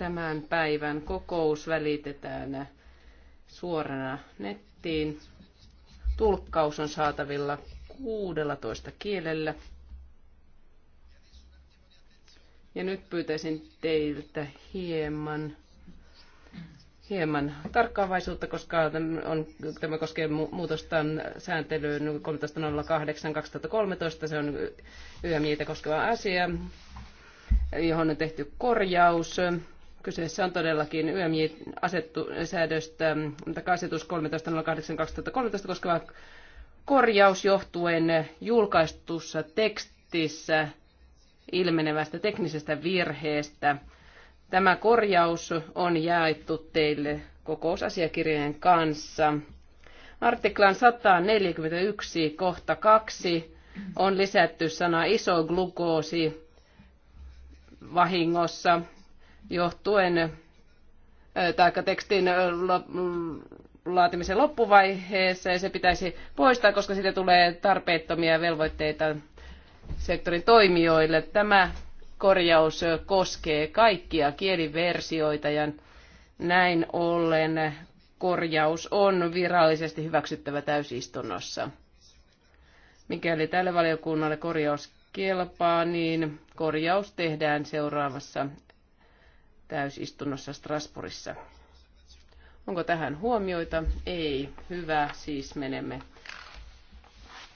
Tämän päivän kokous välitetään suorana nettiin. Tulkkaus on saatavilla 16 kielellä. Ja nyt pyytäisin teiltä hieman, hieman tarkkaavaisuutta, koska on, tämä koskee muutosta sääntelyyn 13.08.2013. Se on YMJtä koskeva asia, johon on tehty korjaus. Kyseessä on todellakin YMJ-säädöstä, asetus 13.08.2013 koskeva korjaus johtuen julkaistussa tekstissä ilmenevästä teknisestä virheestä. Tämä korjaus on jaettu teille kokousasiakirjojen kanssa. Artiklan 141 kohta 2 on lisätty sana iso glukoosi vahingossa johtuen taikka tekstin laatimisen loppuvaiheessa ja se pitäisi poistaa, koska siitä tulee tarpeettomia velvoitteita sektorin toimijoille. Tämä korjaus koskee kaikkia kieliversioita ja näin ollen korjaus on virallisesti hyväksyttävä täysistunnossa. Mikäli tälle valiokunnalle korjaus kelpaa, niin korjaus tehdään seuraavassa täysistunnossa Strasbourgissa. Onko tähän huomioita? Ei. Hyvä, siis menemme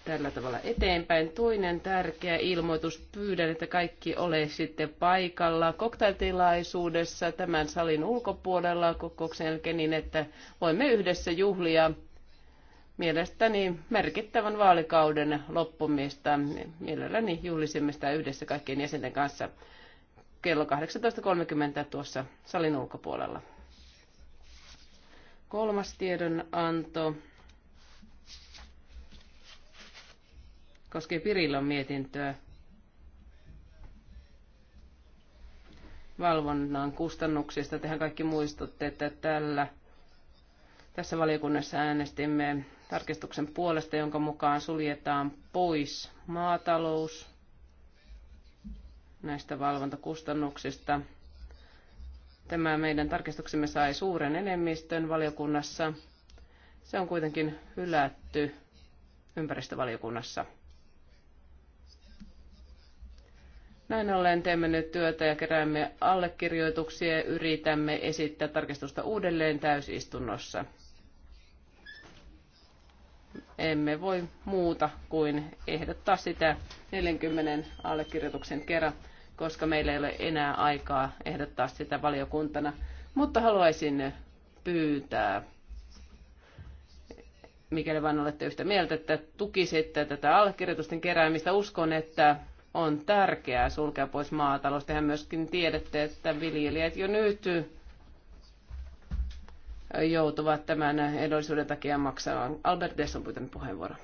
tällä tavalla eteenpäin. Toinen tärkeä ilmoitus. Pyydän, että kaikki ole sitten paikalla koktailtilaisuudessa tämän salin ulkopuolella kokouksen jälkeen niin, että voimme yhdessä juhlia mielestäni merkittävän vaalikauden loppumista. Mielelläni juhlisimme sitä yhdessä kaikkien jäsenten kanssa kello 18.30 tuossa salin ulkopuolella. Kolmas tiedonanto koskee Pirillon mietintöä valvonnan kustannuksista. Tehän kaikki muistutte, että tällä, tässä valiokunnassa äänestimme tarkistuksen puolesta, jonka mukaan suljetaan pois maatalous, näistä valvontakustannuksista. Tämä meidän tarkistuksemme sai suuren enemmistön valiokunnassa. Se on kuitenkin hylätty ympäristövaliokunnassa. Näin ollen teemme nyt työtä ja keräämme allekirjoituksia ja yritämme esittää tarkistusta uudelleen täysistunnossa. Emme voi muuta kuin ehdottaa sitä 40 allekirjoituksen kerran koska meillä ei ole enää aikaa ehdottaa sitä valiokuntana. Mutta haluaisin pyytää, mikäli vain olette yhtä mieltä, että tukisitte tätä allekirjoitusten keräämistä. Uskon, että on tärkeää sulkea pois maatalous. Tehän myöskin tiedätte, että viljelijät jo nyt joutuvat tämän edollisuuden takia maksamaan. Albert Desson on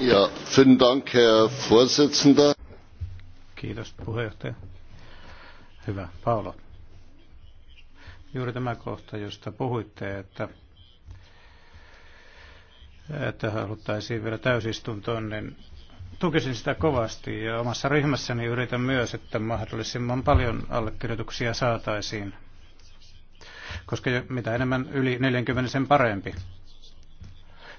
Ja, vielen Dank, Herr Vorsitzender. Kiitos puheenjohtaja. Hyvä. Paolo. Juuri tämä kohta, josta puhuitte, että, että haluttaisiin vielä täysistuntoon, niin tukisin sitä kovasti ja omassa ryhmässäni yritän myös, että mahdollisimman paljon allekirjoituksia saataisiin, koska mitä enemmän yli 40 sen parempi.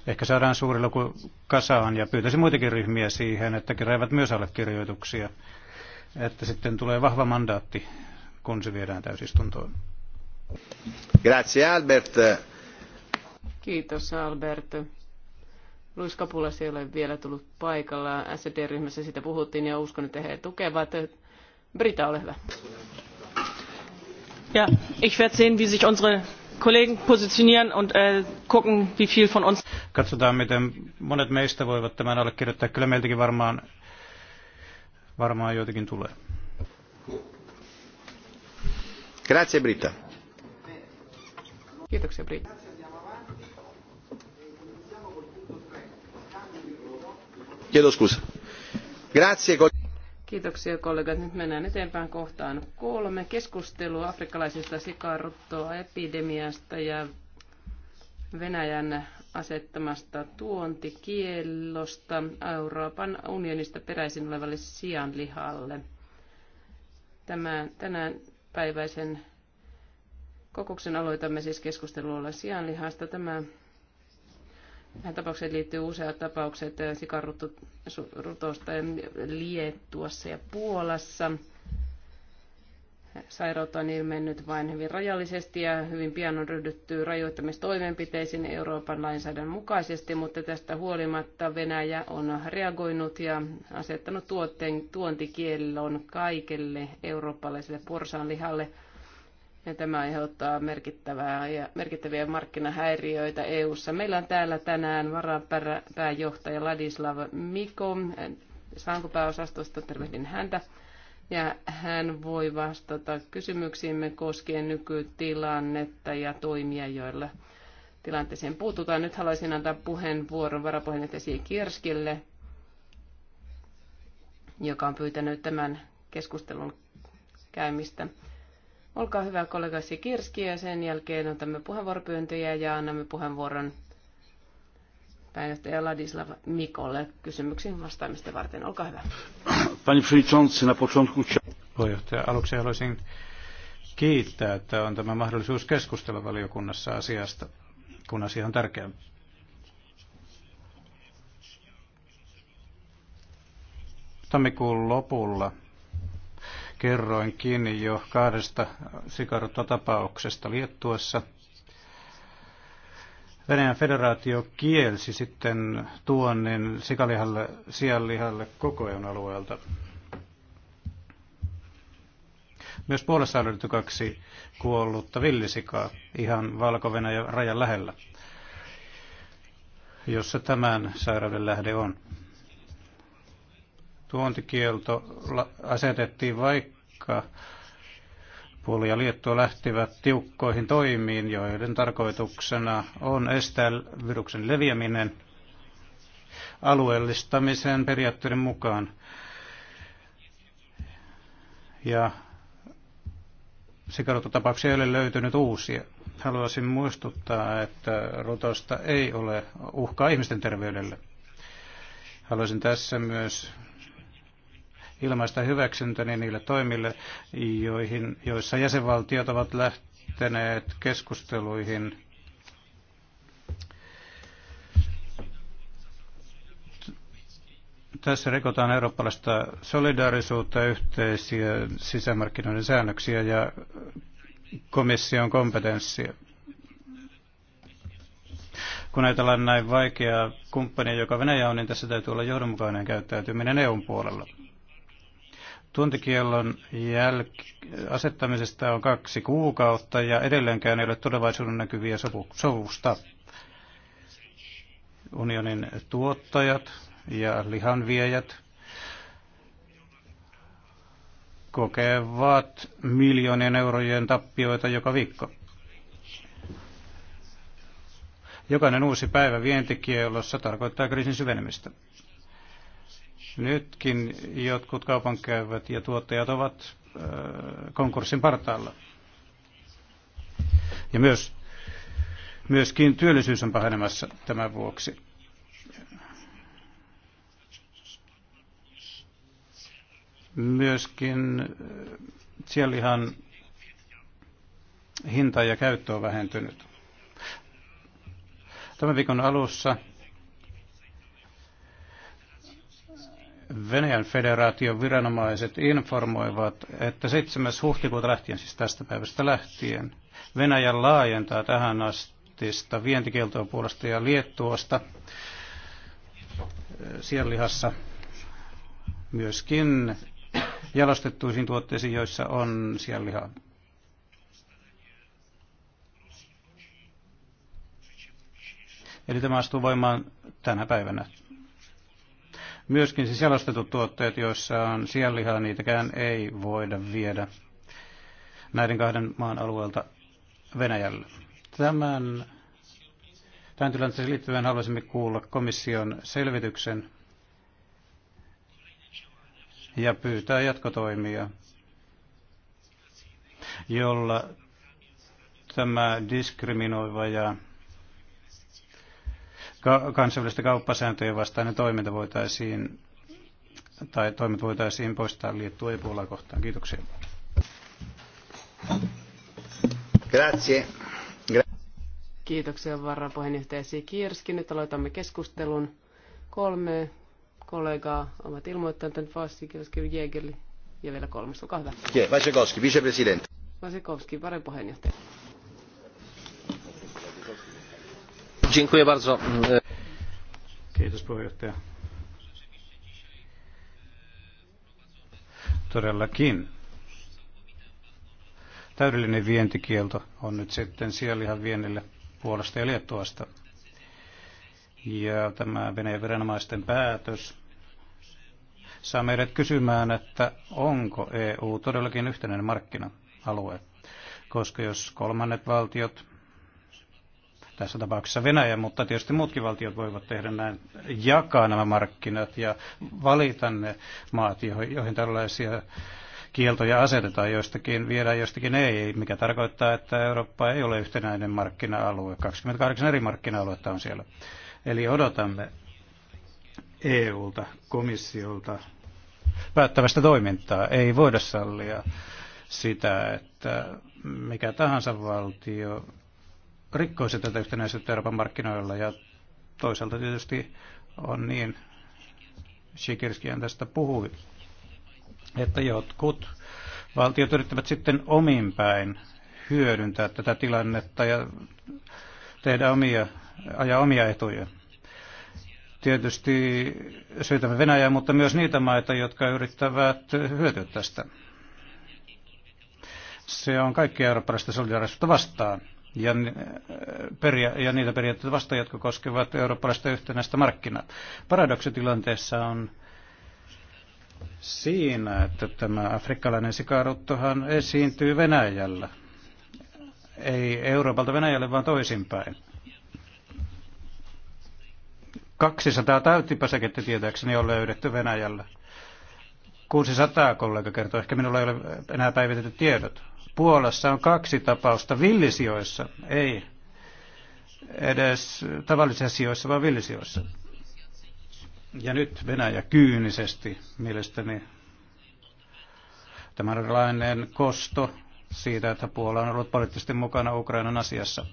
Ehkä saadaan suuri luku kasaan ja pyytäisin muitakin ryhmiä siihen, että keräävät myös allekirjoituksia että sitten tulee vahva mandaatti, kun se viedään täysistuntoon. Grazie Albert. Kiitos Albert. Luis Kapulas ei ole vielä tullut paikalla. SD-ryhmässä sitä puhuttiin ja uskon, että he tukevat. Brita, ole hyvä. Ja, ich werde sehen, wie sich unsere Kollegen positionieren und äh, gucken, wie viel von uns. Katsotaan, miten monet meistä voivat tämän allekirjoittaa. Kyllä meiltäkin varmaan varmaan joitakin tulee. Grazie Britta. Kiitoksia Britta. Kiitoksia kollegat. Nyt mennään eteenpäin kohtaan kolme. Keskustelua afrikkalaisesta sikaruttoa epidemiasta ja Venäjän asettamasta tuontikiellosta Euroopan unionista peräisin olevalle sianlihalle. Tämä, tänään päiväisen kokouksen aloitamme siis keskustelulla sianlihasta. Tämä Tähän tapaukseen liittyy useat tapaukset sikarutosta Liettuassa ja Puolassa. Sairautta on ilmennyt vain hyvin rajallisesti ja hyvin pian on ryhdytty rajoittamistoimenpiteisiin Euroopan lainsäädännön mukaisesti, mutta tästä huolimatta Venäjä on reagoinut ja asettanut tuotteen, tuontikiellon kaikelle eurooppalaiselle porsaanlihalle. Ja tämä aiheuttaa merkittävää ja merkittäviä markkinahäiriöitä EU:ssa. Meillä on täällä tänään varapääjohtaja Ladislav Mikom, saanko pääosastosta tervehdin häntä ja hän voi vastata kysymyksiimme koskien nykytilannetta ja toimia, joilla tilanteeseen puututaan. Nyt haluaisin antaa puheenvuoron varapuheenjohtaja Kirskille, joka on pyytänyt tämän keskustelun käymistä. Olkaa hyvä kollega Sikirski ja sen jälkeen otamme puheenvuoropyyntöjä ja annamme puheenvuoron pääjohtaja Ladislav Mikolle kysymyksiin vastaamista varten. Olkaa hyvä. Pani przewodniczący, na początku... Puheenjohtaja, aluksi haluaisin kiittää, että on tämä mahdollisuus keskustella valiokunnassa asiasta, kun asia on tärkeä. Tammikuun lopulla kerroinkin jo kahdesta sikaruttatapauksesta Liettuassa – Venäjän federaatio kielsi sitten tuonnin sikalihalle, sianlihalle koko EUn alueelta. Myös Puolassa on kaksi kuollutta villisikaa ihan valko rajan lähellä, jossa tämän sairauden lähde on. Tuontikielto asetettiin vaikka Puoli ja Liettua lähtivät tiukkoihin toimiin, joiden tarkoituksena on estää viruksen leviäminen alueellistamisen periaatteiden mukaan. Ja sikarutotapauksia ei ole löytynyt uusia. Haluaisin muistuttaa, että rutosta ei ole uhkaa ihmisten terveydelle. Haluaisin tässä myös ilmaista hyväksyntäni niille toimille, joihin, joissa jäsenvaltiot ovat lähteneet keskusteluihin Tässä rikotaan eurooppalaista solidaarisuutta, yhteisiä sisämarkkinoiden säännöksiä ja komission kompetenssia kun ajatellaan näin vaikeaa kumppania, joka Venäjä on, niin tässä täytyy olla johdonmukainen käyttäytyminen EUn puolella. Tuntikiellon jäl- asettamisesta on kaksi kuukautta ja edelleenkään ei ole tulevaisuuden näkyviä sovu- sovusta. Unionin tuottajat ja lihanviejät kokevat miljoonien eurojen tappioita joka viikko. Jokainen uusi päivä vientikielossa tarkoittaa kriisin syvenemistä. Nytkin jotkut kaupankäyvät ja tuottajat ovat konkurssin partaalla. Ja myös, myöskin työllisyys on pahenemassa tämän vuoksi. Myöskin siellä ihan hinta ja käyttö on vähentynyt. Tämän viikon alussa Venäjän federaation viranomaiset informoivat, että 7. huhtikuuta lähtien, siis tästä päivästä lähtien, Venäjä laajentaa tähän astista vientikieltoa puolesta ja Liettuosta eh, sienlihassa myöskin jalostettuisiin tuotteisiin, joissa on sienlihaa. Eli tämä astuu voimaan tänä päivänä Myöskin siis jalostetut tuotteet, joissa on sianlihaa, niitäkään ei voida viedä näiden kahden maan alueelta Venäjälle. Tämän, tämän tilanteeseen liittyen haluaisimme kuulla komission selvityksen ja pyytää jatkotoimia, jolla tämä diskriminoiva ja kansainvälisten kauppasääntöjen vastainen toiminta voitaisiin, tai toimet voitaisiin poistaa liittyä Ebola kohtaan. Kiitoksia. Grazie. Kiitoksia varapuheenjohtaja Sikirski. Nyt aloitamme keskustelun. Kolme kollegaa ovat ilmoittaneet Fassikirski, Jägerli ja vielä kolmas. Olkaa hyvä. Vasekovski, vicepresidente. Vasekovski, varapuheenjohtaja. Dziękuję bardzo. Kiitos puheenjohtaja. Todellakin. Täydellinen vientikielto on nyt sitten sianlihan viennille puolesta ja Liettuasta. Ja tämä Venäjän viranomaisten päätös saa meidät kysymään, että onko EU todellakin yhtenäinen markkina-alue. Koska jos kolmannet valtiot tässä tapauksessa Venäjä, mutta tietysti muutkin valtiot voivat tehdä näin, jakaa nämä markkinat ja valita ne maat, joihin tällaisia kieltoja asetetaan, joistakin viedään, joistakin ei, mikä tarkoittaa, että Eurooppa ei ole yhtenäinen markkina-alue. 28 eri markkina-aluetta on siellä. Eli odotamme EUlta, komissiolta päättävästä toimintaa. Ei voida sallia sitä, että mikä tahansa valtio rikkoisi tätä yhtenäisyyttä Euroopan markkinoilla. Ja toisaalta tietysti on niin, Sikirskian tästä puhui, että jotkut valtiot yrittävät sitten ominpäin hyödyntää tätä tilannetta ja tehdä omia, ajaa omia etuja. Tietysti syytämme Venäjää, mutta myös niitä maita, jotka yrittävät hyötyä tästä. Se on kaikki eurooppalaista solidaarisuutta vastaan ja, äh, peria- ja niitä periaatteita vastaan, jotka koskevat eurooppalaista yhtenäistä markkinaa. Paradoksitilanteessa on siinä, että tämä afrikkalainen sikaruttohan esiintyy Venäjällä. Ei Euroopalta Venäjälle, vaan toisinpäin. 200 täyttipäsäkettä tietääkseni on löydetty Venäjällä. 600 kollega kertoo, ehkä minulla ei ole enää päivitetty tiedot. Puolassa on kaksi tapausta villisioissa, ei edes tavallisissa sijoissa, vaan villisioissa. Ja nyt Venäjä kyynisesti mielestäni tämänlainen kosto siitä, että Puola on ollut poliittisesti mukana Ukrainan asiassa.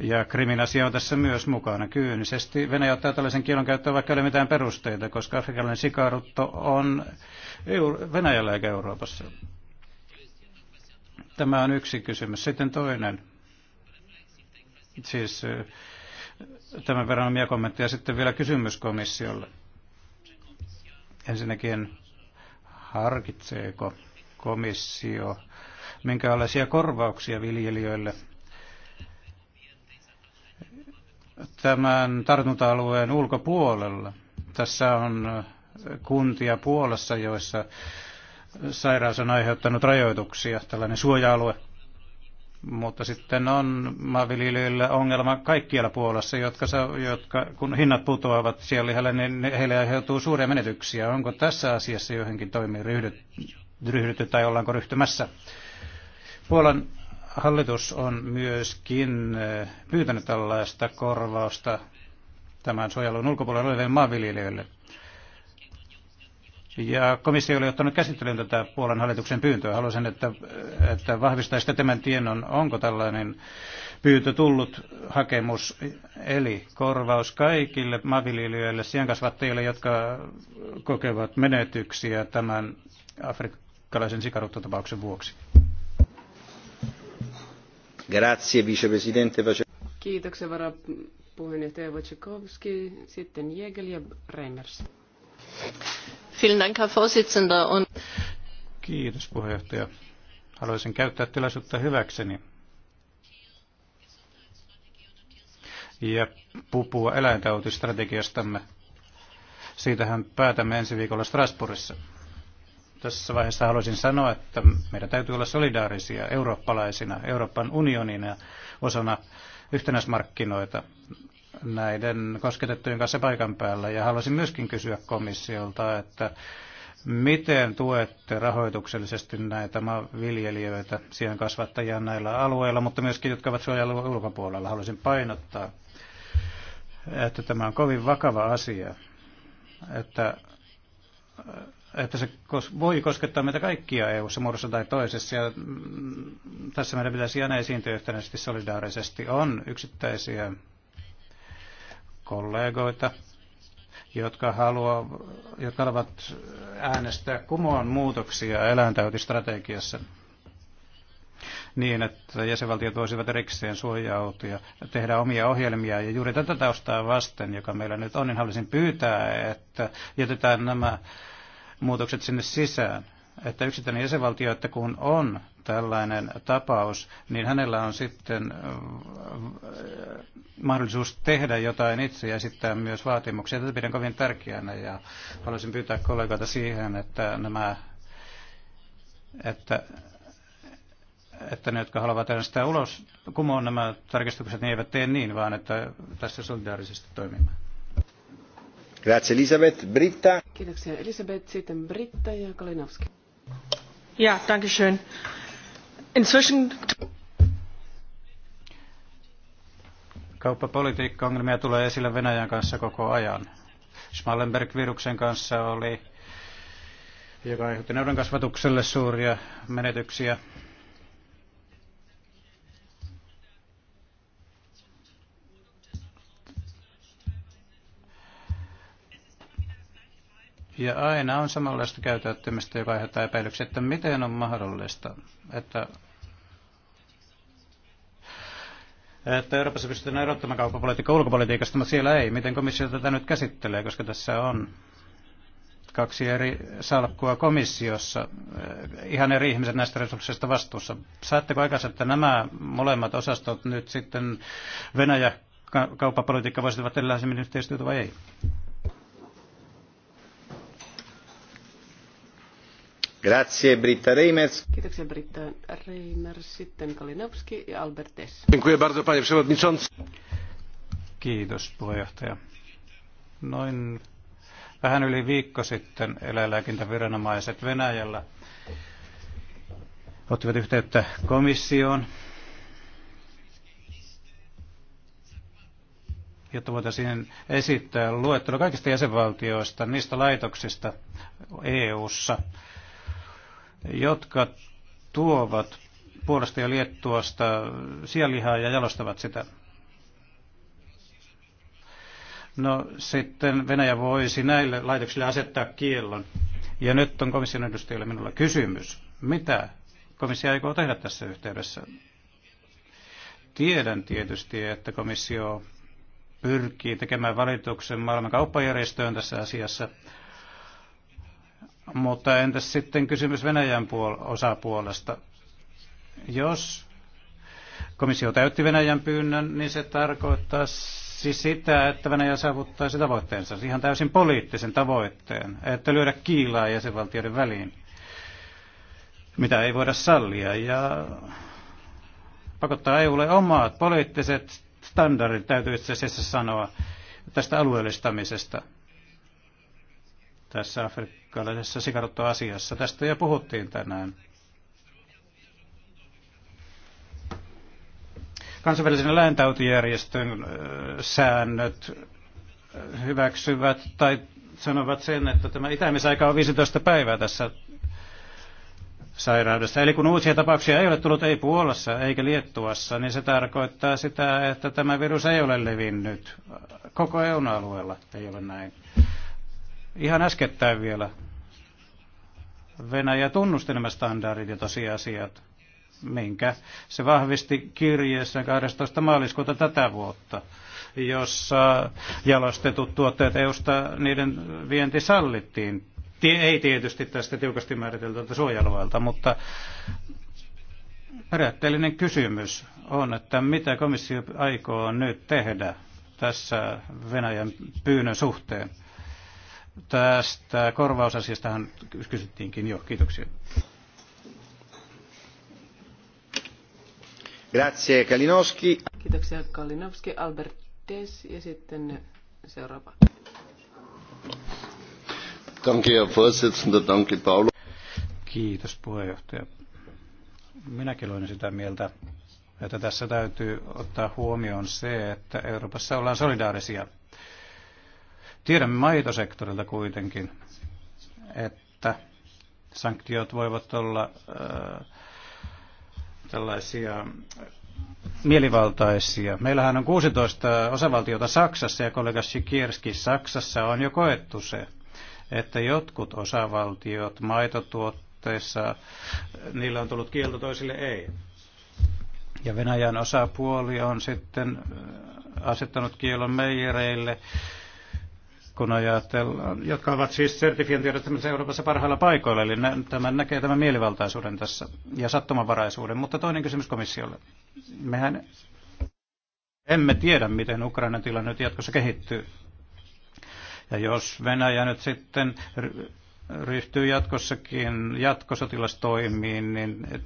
Ja krimin asia on tässä myös mukana kyynisesti. Venäjä ottaa tällaisen kielon käyttöön, vaikka ei ole mitään perusteita, koska afrikkalainen sikarutto on Venäjällä eikä Euroopassa. Tämä on yksi kysymys. Sitten toinen. Siis tämän verran omia kommentteja. Sitten vielä kysymys komissiolle. Ensinnäkin, harkitseeko komissio minkälaisia korvauksia viljelijöille tämän tartunta-alueen ulkopuolella? Tässä on kuntia Puolassa, joissa sairaus on aiheuttanut rajoituksia, tällainen suoja-alue. Mutta sitten on maanviljelijöillä ongelma kaikkialla Puolassa, jotka, jotka kun hinnat putoavat siellä, niin heille aiheutuu suuria menetyksiä. Onko tässä asiassa johonkin toimiin ryhdytty tai ollaanko ryhtymässä? Puolan hallitus on myöskin eh, pyytänyt tällaista korvausta tämän suojelun ulkopuolella olevien maanviljelijöille. Ja komissio oli ottanut käsittelyyn tätä Puolan hallituksen pyyntöä. Haluaisin, että, että vahvistaisitte tämän tiedon, onko tällainen pyyntö tullut hakemus, eli korvaus kaikille maanviljelijöille, sienkasvattajille, jotka kokevat menetyksiä tämän afrikkalaisen sikaruttotapauksen vuoksi. Grazie, vicepresidente. Kiitoksia varapuheenjohtaja Wojciechowski, sitten Jägel ja Reimers. Kiitos puheenjohtaja. Haluaisin käyttää tilaisuutta hyväkseni ja pupua eläintautistrategiastamme. Siitähän päätämme ensi viikolla Strasbourgissa. Tässä vaiheessa haluaisin sanoa, että meidän täytyy olla solidaarisia eurooppalaisina, Euroopan unionina osana yhtenäismarkkinoita näiden kosketettujen kanssa paikan päällä. Ja haluaisin myöskin kysyä komissiolta, että miten tuette rahoituksellisesti näitä viljelijöitä, siihen kasvattajia näillä alueilla, mutta myöskin jotka ovat suojelun ulkopuolella. Haluaisin painottaa, että tämä on kovin vakava asia, että että se voi koskettaa meitä kaikkia EU-ssa muodossa tai toisessa. Ja mm, tässä meidän pitäisi aina esiintyä yhtenäisesti solidaarisesti. On yksittäisiä kollegoita, jotka, haluaa, jotka haluavat äänestää kumoon muutoksia eläintautistrategiassa niin, että jäsenvaltiot voisivat erikseen suojautua ja tehdä omia ohjelmia. Ja juuri tätä taustaa vasten, joka meillä nyt on, niin haluaisin pyytää, että jätetään nämä muutokset sinne sisään. Että yksittäinen jäsenvaltio, että kun on tällainen tapaus, niin hänellä on sitten äh, mahdollisuus tehdä jotain itse ja esittää myös vaatimuksia. Tätä pidän kovin tärkeänä ja haluaisin pyytää kollegoita siihen, että nämä että että ne, jotka haluavat sitä ulos, kumoon nämä tarkistukset, niin eivät tee niin, vaan että tässä solidaarisesti toimimme. Grazie Elisabeth. Britta. Kiitoksia Elisabeth, sitten Britta ja Kalinowski. Ja, danke schön. Kauppapolitiikka-ongelmia tulee esille Venäjän kanssa koko ajan. Schmallenberg-viruksen kanssa oli, joka aiheutti neuron kasvatukselle suuria menetyksiä Ja aina on samanlaista käytäyttämistä, joka aiheuttaa epäilyksiä, että miten on mahdollista, että että Euroopassa pystytään erottamaan kauppapolitiikka ulkopolitiikasta, mutta siellä ei. Miten komissio tätä nyt käsittelee, koska tässä on kaksi eri salkkua komissiossa, eh, ihan eri ihmiset näistä resursseista vastuussa. Saatteko aikaisemmin, että nämä molemmat osastot nyt sitten Venäjä kauppapolitiikka voisivat tehdä lähes yhteistyötä vai ei? Kiitoksia, Britta Reimers. Sitten Kalinowski ja Albert panie przewodniczący. Kiitos, puheenjohtaja. Noin vähän yli viikko sitten eläinlääkintäviranomaiset Venäjällä ottivat yhteyttä komissioon, jotta voitaisiin esittää luettelo kaikista jäsenvaltioista, niistä laitoksista EU:ssa. ssa jotka tuovat Puolasta ja Liettuasta sianlihaa ja jalostavat sitä. No sitten Venäjä voisi näille laitoksille asettaa kiellon. Ja nyt on komission edustajille minulla kysymys. Mitä komissio aikoo tehdä tässä yhteydessä? Tiedän tietysti, että komissio pyrkii tekemään valituksen maailman kauppajärjestöön tässä asiassa, mutta entäs sitten kysymys Venäjän puol- osapuolesta? Jos komissio täytti Venäjän pyynnön, niin se tarkoittaa siis sitä, että Venäjä saavuttaisi tavoitteensa, ihan täysin poliittisen tavoitteen, että lyödä kiilaa jäsenvaltioiden väliin, mitä ei voida sallia, ja pakottaa EUlle omat poliittiset standardit, täytyy itse asiassa sanoa, tästä alueellistamisesta tässä afrikkalaisessa sikarottoasiassa. Tästä jo puhuttiin tänään. Kansainvälisen eläintautijärjestön säännöt hyväksyvät tai sanovat sen, että tämä itämisaika on 15 päivää tässä sairaudessa. Eli kun uusia tapauksia ei ole tullut ei Puolassa eikä Liettuassa, niin se tarkoittaa sitä, että tämä virus ei ole levinnyt. Koko eu alueella ei ole näin. Ihan äskettäin vielä Venäjä tunnusti nämä standardit ja tosiasiat, minkä se vahvisti kirjeessä 12. maaliskuuta tätä vuotta, jossa jalostetut tuotteet EUsta niiden vienti sallittiin. Ei tietysti tästä tiukasti määriteltyltä suojelualta, mutta periaatteellinen kysymys on, että mitä komissio aikoo nyt tehdä tässä Venäjän pyynnön suhteen. Tästä korvausasiastahan kysyttiinkin jo. Kiitoksia. Grazie Kalinowski. Kiitoksia Kalinowski, Albert Des ja sitten seuraava. Danke, Herr Vorsitzender, danke Paolo. Kiitos puheenjohtaja. Minäkin olen sitä mieltä, että tässä täytyy ottaa huomioon se, että Euroopassa ollaan solidaarisia – Tiedämme maitosektorilta kuitenkin, että sanktiot voivat olla ää, äh, tällaisia äh, mielivaltaisia. Meillähän on 16 osavaltiota Saksassa ja kollega Sikierski Saksassa on jo koettu se, että jotkut osavaltiot maitotuotteissa, niillä on tullut kielto, toisille ei. Ja Venäjän osapuoli on sitten äh, asettanut kielon meijereille kun ajatellaan, jotka ovat siis sertifiointijärjestelmässä Euroopassa parhailla paikoilla, eli tämän näkee tämän mielivaltaisuuden tässä ja sattumanvaraisuuden. Mutta toinen kysymys komissiolle. Mehän emme tiedä, miten Ukrainan tilanne nyt jatkossa kehittyy. Ja jos Venäjä nyt sitten ryhtyy jatkossakin jatkosotilastoimiin, niin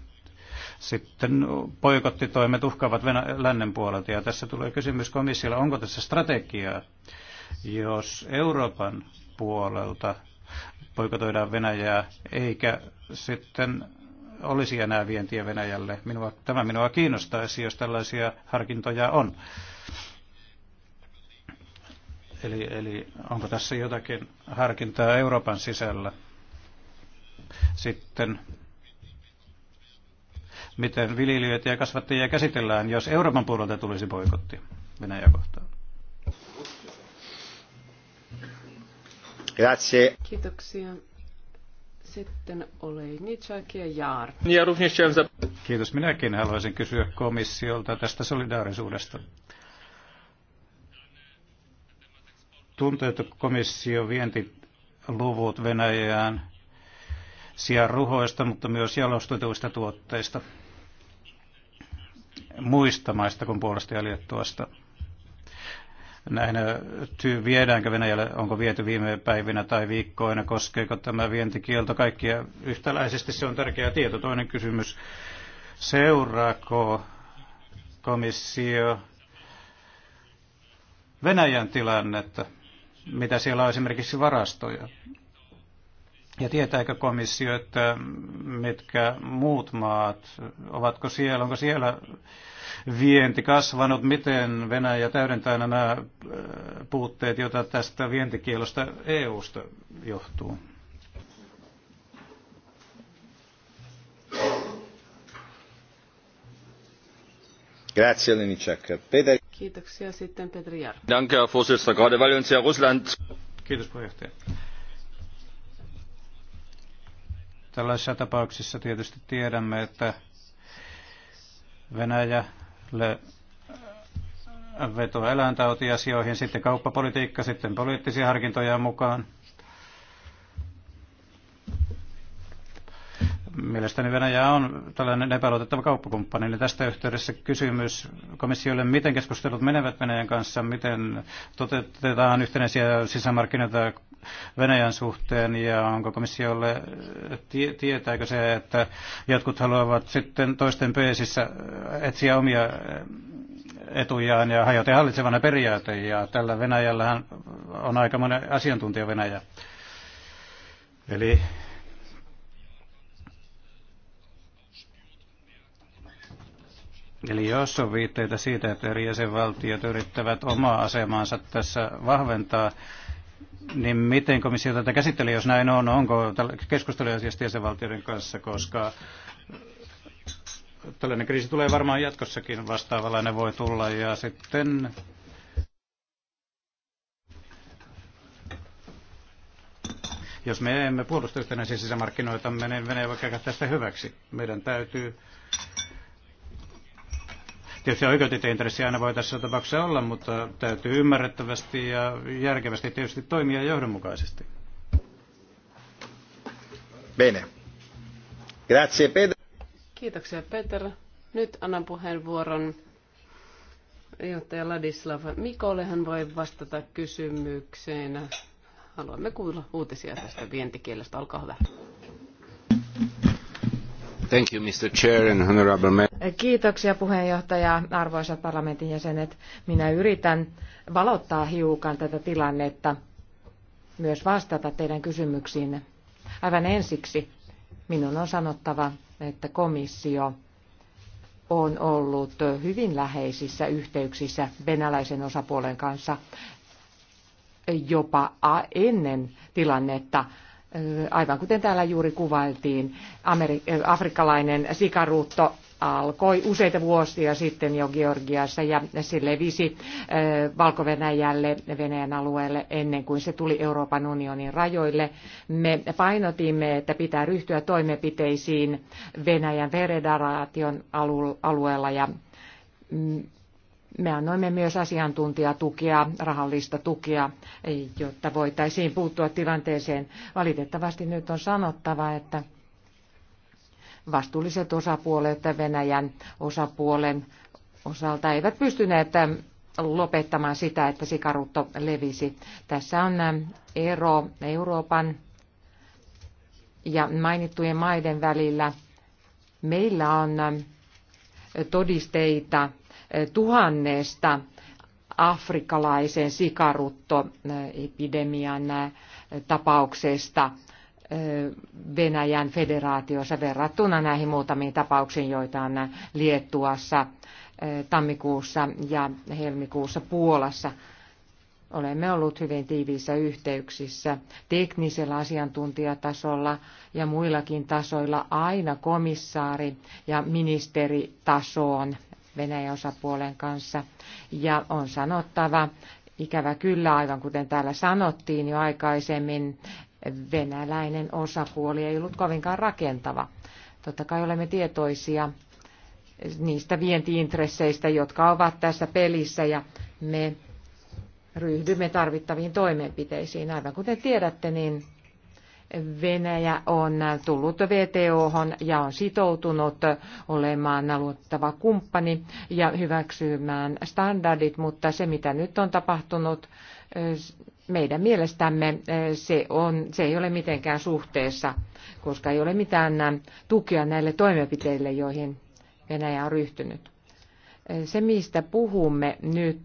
sitten poikottitoimet uhkaavat Venä- lännen puolelta. Ja tässä tulee kysymys komissiolle, onko tässä strategiaa jos Euroopan puolelta poikotoidaan Venäjää, eikä sitten olisi enää vientiä Venäjälle. Minua, tämä minua kiinnostaisi, jos tällaisia harkintoja on. Eli, eli onko tässä jotakin harkintaa Euroopan sisällä? Sitten miten viljelijöitä ja kasvattajia käsitellään, jos Euroopan puolelta tulisi poikotti Venäjä kohtaan? Grazie. Kiitoksia. Sitten oli Nitschak ja Jaar. Kiitos. Minäkin haluaisin kysyä komissiolta tästä solidaarisuudesta. Tuntuu, että komission vientiluvut Venäjään sijaan ruhoista, mutta myös jalostetuista tuotteista muista maista kuin Puolasta ja Liettuasta näihin viedäänkö Venäjälle, onko viety viime päivinä tai viikkoina, koskeeko tämä vientikielto kaikkia yhtäläisesti, se on tärkeä tieto. Toinen kysymys, seuraako komissio Venäjän tilannetta, mitä siellä on esimerkiksi varastoja ja tietääkö komissio, että mitkä muut maat, ovatko siellä, onko siellä vienti kasvanut, miten Venäjä täydentää nämä äh, puutteet, joita tästä vientikielosta EU-sta johtuu? Grazie, Lenicek. Peter... Kiitoksia sitten Petri Jarkko. Danke, Herr Gerade weil uns ja Russland... Kiitos puheenjohtaja. Tällaisissa tapauksissa tietysti tiedämme, että Venäjä veto eläintautiasioihin, sitten kauppapolitiikka, sitten poliittisia harkintoja mukaan. Mielestäni Venäjä on tällainen epäluotettava kauppakumppani, niin tästä yhteydessä kysymys komissiolle, miten keskustelut menevät Venäjän kanssa, miten toteutetaan yhtenäisiä sisämarkkinoita Venäjän suhteen ja onko komissiolle, tietääkö se, että jotkut haluavat sitten toisten peesissä äh, etsiä omia äh, etujaan ja hajota hallitsevana periaate ja tällä Venäjällähän on aika monen asiantuntija Venäjä. Eli Eli jos on viitteitä siitä, että eri jäsenvaltiot yrittävät omaa asemaansa tässä vahventaa, niin miten komissio tätä käsitteli, jos näin on? Onko keskusteluja asiasta jäsenvaltioiden kanssa, koska tällainen kriisi tulee varmaan jatkossakin ne voi tulla ja sitten jos me emme puolusta yhtenäisiä sisämarkkinoitamme, niin Venäjä voi käyttää sitä hyväksi. Meidän täytyy Tietysti oikeutettu intressi aina voi tässä tapauksessa olla, mutta täytyy ymmärrettävästi ja järkevästi tietysti toimia johdonmukaisesti. Bene. Grazie Pedro. Kiitoksia Peter. Nyt annan puheenvuoron johtaja Ladislav Mikolle. Hän voi vastata kysymykseen. Haluamme kuulla uutisia tästä vientikielestä. Olkaa hyvä. Thank you, Mr. Chair and honorable Kiitoksia puheenjohtaja, arvoisat parlamentin jäsenet. Minä yritän valottaa hiukan tätä tilannetta, myös vastata teidän kysymyksiinne. Aivan ensiksi minun on sanottava, että komissio on ollut hyvin läheisissä yhteyksissä venäläisen osapuolen kanssa jopa ennen tilannetta aivan kuten täällä juuri kuvailtiin, afrikkalainen sikaruutto alkoi useita vuosia sitten jo Georgiassa ja se levisi Valko-Venäjälle, Venäjän alueelle ennen kuin se tuli Euroopan unionin rajoille. Me painotimme, että pitää ryhtyä toimenpiteisiin Venäjän federaation alueella ja mm, me annoimme myös asiantuntijatukea, rahallista tukea, jotta voitaisiin puuttua tilanteeseen. Valitettavasti nyt on sanottava, että vastuulliset osapuolet Venäjän osapuolen osalta eivät pystyneet lopettamaan sitä, että sikarutto levisi. Tässä on ero Euroopan ja mainittujen maiden välillä. Meillä on todisteita tuhannesta afrikkalaisen sikaruttoepidemian äh, tapauksesta äh, Venäjän federaatiossa verrattuna näihin muutamiin tapauksiin, joita on äh, Liettuassa tammikuussa ja helmikuussa Puolassa. Olemme olleet hyvin tiiviissä yhteyksissä teknisellä asiantuntijatasolla ja muillakin tasoilla aina komissaari- ja ministeritasoon Venäjän osapuolen kanssa. Ja on sanottava, ikävä kyllä, aivan kuten täällä sanottiin jo aikaisemmin, venäläinen osapuoli ei ollut kovinkaan rakentava. Totta kai olemme tietoisia niistä vientiintresseistä, jotka ovat tässä pelissä ja me ryhdymme tarvittaviin toimenpiteisiin. Aivan kuten tiedätte, niin Venäjä on tullut VTOhon ja on sitoutunut olemaan luottava kumppani ja hyväksymään standardit, mutta se mitä nyt on tapahtunut, meidän mielestämme se, on, se ei ole mitenkään suhteessa, koska ei ole mitään tukea näille toimenpiteille, joihin Venäjä on ryhtynyt. Se, mistä puhumme nyt,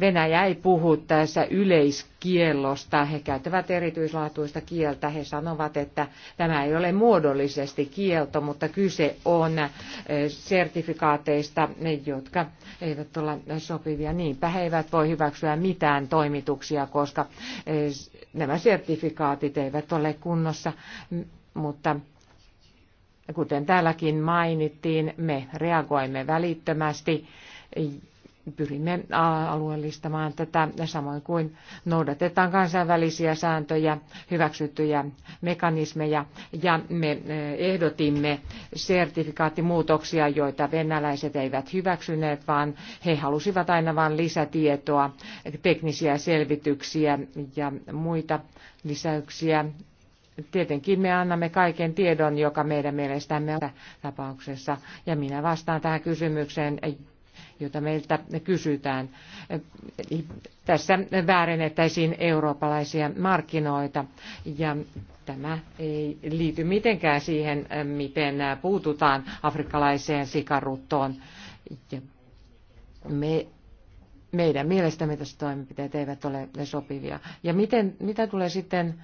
Venäjä ei puhu tässä yleiskiellosta. He käyttävät erityislaatuista kieltä. He sanovat, että tämä ei ole muodollisesti kielto, mutta kyse on sertifikaateista, jotka eivät ole sopivia. Niinpä he eivät voi hyväksyä mitään toimituksia, koska nämä sertifikaatit eivät ole kunnossa, mutta Kuten täälläkin mainittiin, me reagoimme välittömästi, pyrimme alueellistamaan tätä samoin kuin noudatetaan kansainvälisiä sääntöjä, hyväksyttyjä mekanismeja ja me e, ehdotimme sertifikaattimuutoksia, joita venäläiset eivät hyväksyneet, vaan he halusivat aina vain lisätietoa, teknisiä selvityksiä ja muita lisäyksiä tietenkin me annamme kaiken tiedon, joka meidän mielestämme on tapauksessa. Ja minä vastaan tähän kysymykseen, jota meiltä kysytään. Tässä väärennettäisiin eurooppalaisia markkinoita ja tämä ei liity mitenkään siihen, miten puututaan afrikkalaiseen sikaruttoon. Me meidän mielestämme tässä toimenpiteet eivät ole sopivia. Ja miten, mitä tulee sitten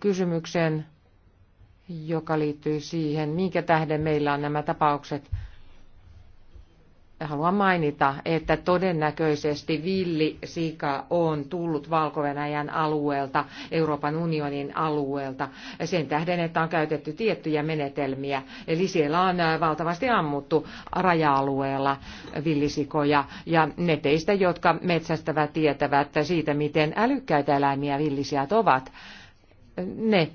kysymyksen, joka liittyy siihen, minkä tähden meillä on nämä tapaukset. Haluan mainita, että todennäköisesti villi sika on tullut valko alueelta, Euroopan unionin alueelta, sen tähden, että on käytetty tiettyjä menetelmiä. Eli siellä on äh, valtavasti ammuttu raja-alueella villisikoja, ja ne teistä, jotka metsästävät, tietävät siitä, miten älykkäitä eläimiä villisiat ovat ne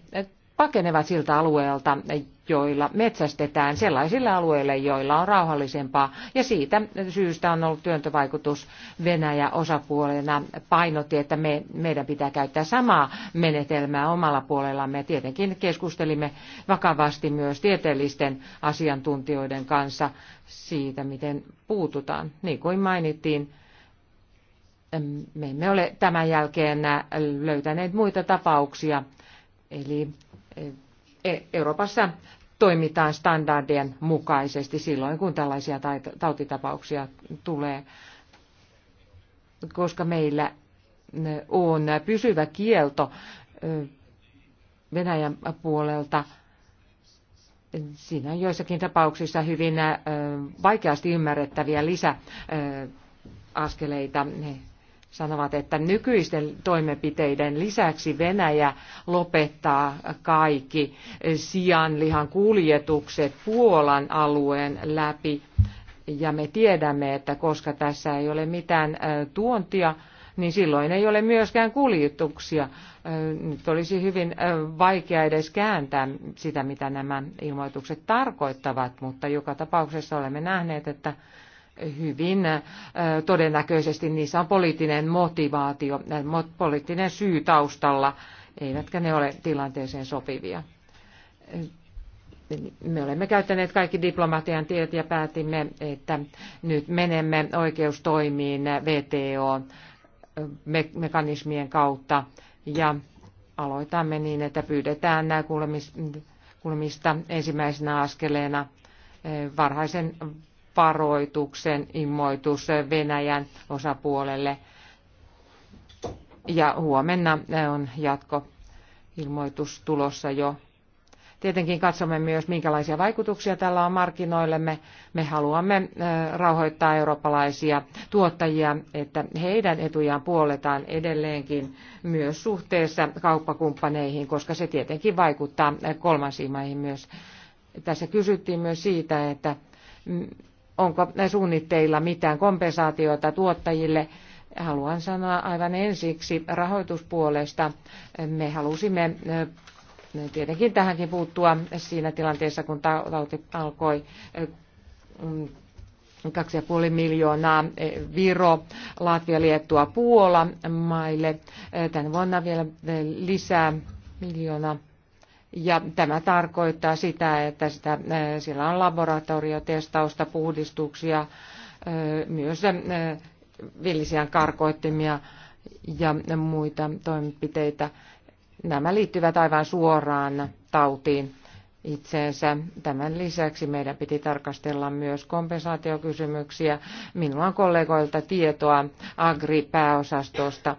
pakenevat siltä alueelta, joilla metsästetään sellaisille alueille, joilla on rauhallisempaa. Ja siitä syystä on ollut työntövaikutus Venäjä osapuolena painotti, että me, meidän pitää käyttää samaa menetelmää omalla puolellamme. Tietenkin keskustelimme vakavasti myös tieteellisten asiantuntijoiden kanssa siitä, miten puututaan. Niin kuin mainittiin, me emme ole tämän jälkeen löytäneet muita tapauksia, Eli eh, e-, Euroopassa toimitaan standardien mukaisesti silloin, kun tällaisia tautitapauksia tulee, koska meillä on pysyvä kielto eh, Venäjän puolelta. Siinä on joissakin tapauksissa hyvin eh, vaikeasti ymmärrettäviä lisäaskeleita sanovat, että nykyisten toimenpiteiden lisäksi Venäjä lopettaa kaikki sianlihan kuljetukset Puolan alueen läpi. Ja me tiedämme, että koska tässä ei ole mitään tuontia, niin silloin ei ole myöskään kuljetuksia. Nyt olisi hyvin vaikea edes kääntää sitä, mitä nämä ilmoitukset tarkoittavat, mutta joka tapauksessa olemme nähneet, että hyvin todennäköisesti niissä on poliittinen motivaatio, poliittinen syy taustalla, eivätkä ne ole tilanteeseen sopivia. Me olemme käyttäneet kaikki diplomatian tiet ja päätimme, että nyt menemme oikeustoimiin VTO-mekanismien kautta ja aloitamme niin, että pyydetään nämä kuulemista ensimmäisenä askeleena varhaisen varoituksen ilmoitus Venäjän osapuolelle. Ja huomenna on jatkoilmoitus tulossa jo. Tietenkin katsomme myös, minkälaisia vaikutuksia tällä on markkinoillemme. Me haluamme rauhoittaa eurooppalaisia tuottajia, että heidän etujaan puoletaan edelleenkin myös suhteessa kauppakumppaneihin, koska se tietenkin vaikuttaa kolmansiin maihin myös. Tässä kysyttiin myös siitä, että Onko suunnitteilla mitään kompensaatiota tuottajille? Haluan sanoa aivan ensiksi rahoituspuolesta. Me halusimme eh, tietenkin tähänkin puuttua siinä tilanteessa, kun tauti alkoi 2,5 eh, miljoonaa eh, Viro, Latvia, Liettua, Puola maille. Tänä vuonna vielä lisää miljoona ja tämä tarkoittaa sitä, että sitä, äh, siellä on laboratoriotestausta, puhdistuksia, äh, myös äh, villisiän karkoittimia ja muita toimenpiteitä. Nämä liittyvät aivan suoraan tautiin itseensä. Tämän lisäksi meidän piti tarkastella myös kompensaatiokysymyksiä. Minulla on kollegoilta tietoa Agri-pääosastosta.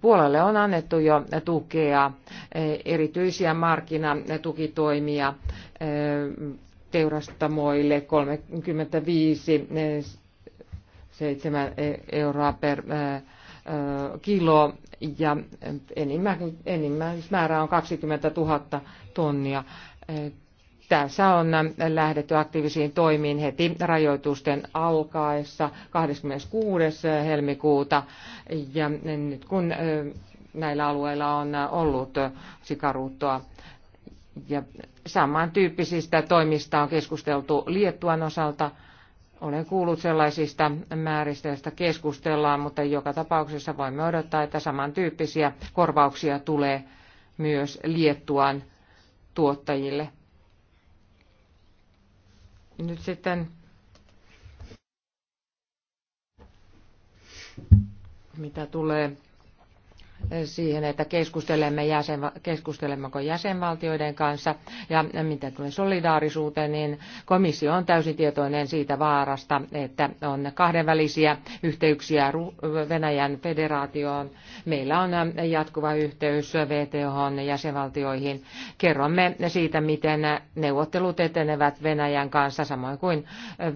Puolelle on annettu jo tukea, e, erityisiä markkinatukitoimia e, teurastamoille 35 7 e, euroa per kilo ja enimmäismäärä on 20 000 tonnia. Tässä on lähdetty aktiivisiin toimiin heti rajoitusten alkaessa 26. helmikuuta. Ja nyt kun näillä alueilla on ollut sikaruuttoa ja samantyyppisistä toimista on keskusteltu Liettuan osalta – olen kuullut sellaisista määristä, joista keskustellaan, mutta joka tapauksessa voimme odottaa, että samantyyppisiä korvauksia tulee myös Liettuan tuottajille. Nyt sitten mitä tulee siihen, että keskustelemme jäsen, keskustelemmeko jäsenvaltioiden kanssa ja mitä tulee solidaarisuuteen, niin komissio on täysin tietoinen siitä vaarasta, että on kahdenvälisiä yhteyksiä Venäjän federaatioon. Meillä on jatkuva yhteys VTH jäsenvaltioihin. Kerromme siitä, miten neuvottelut etenevät Venäjän kanssa, samoin kuin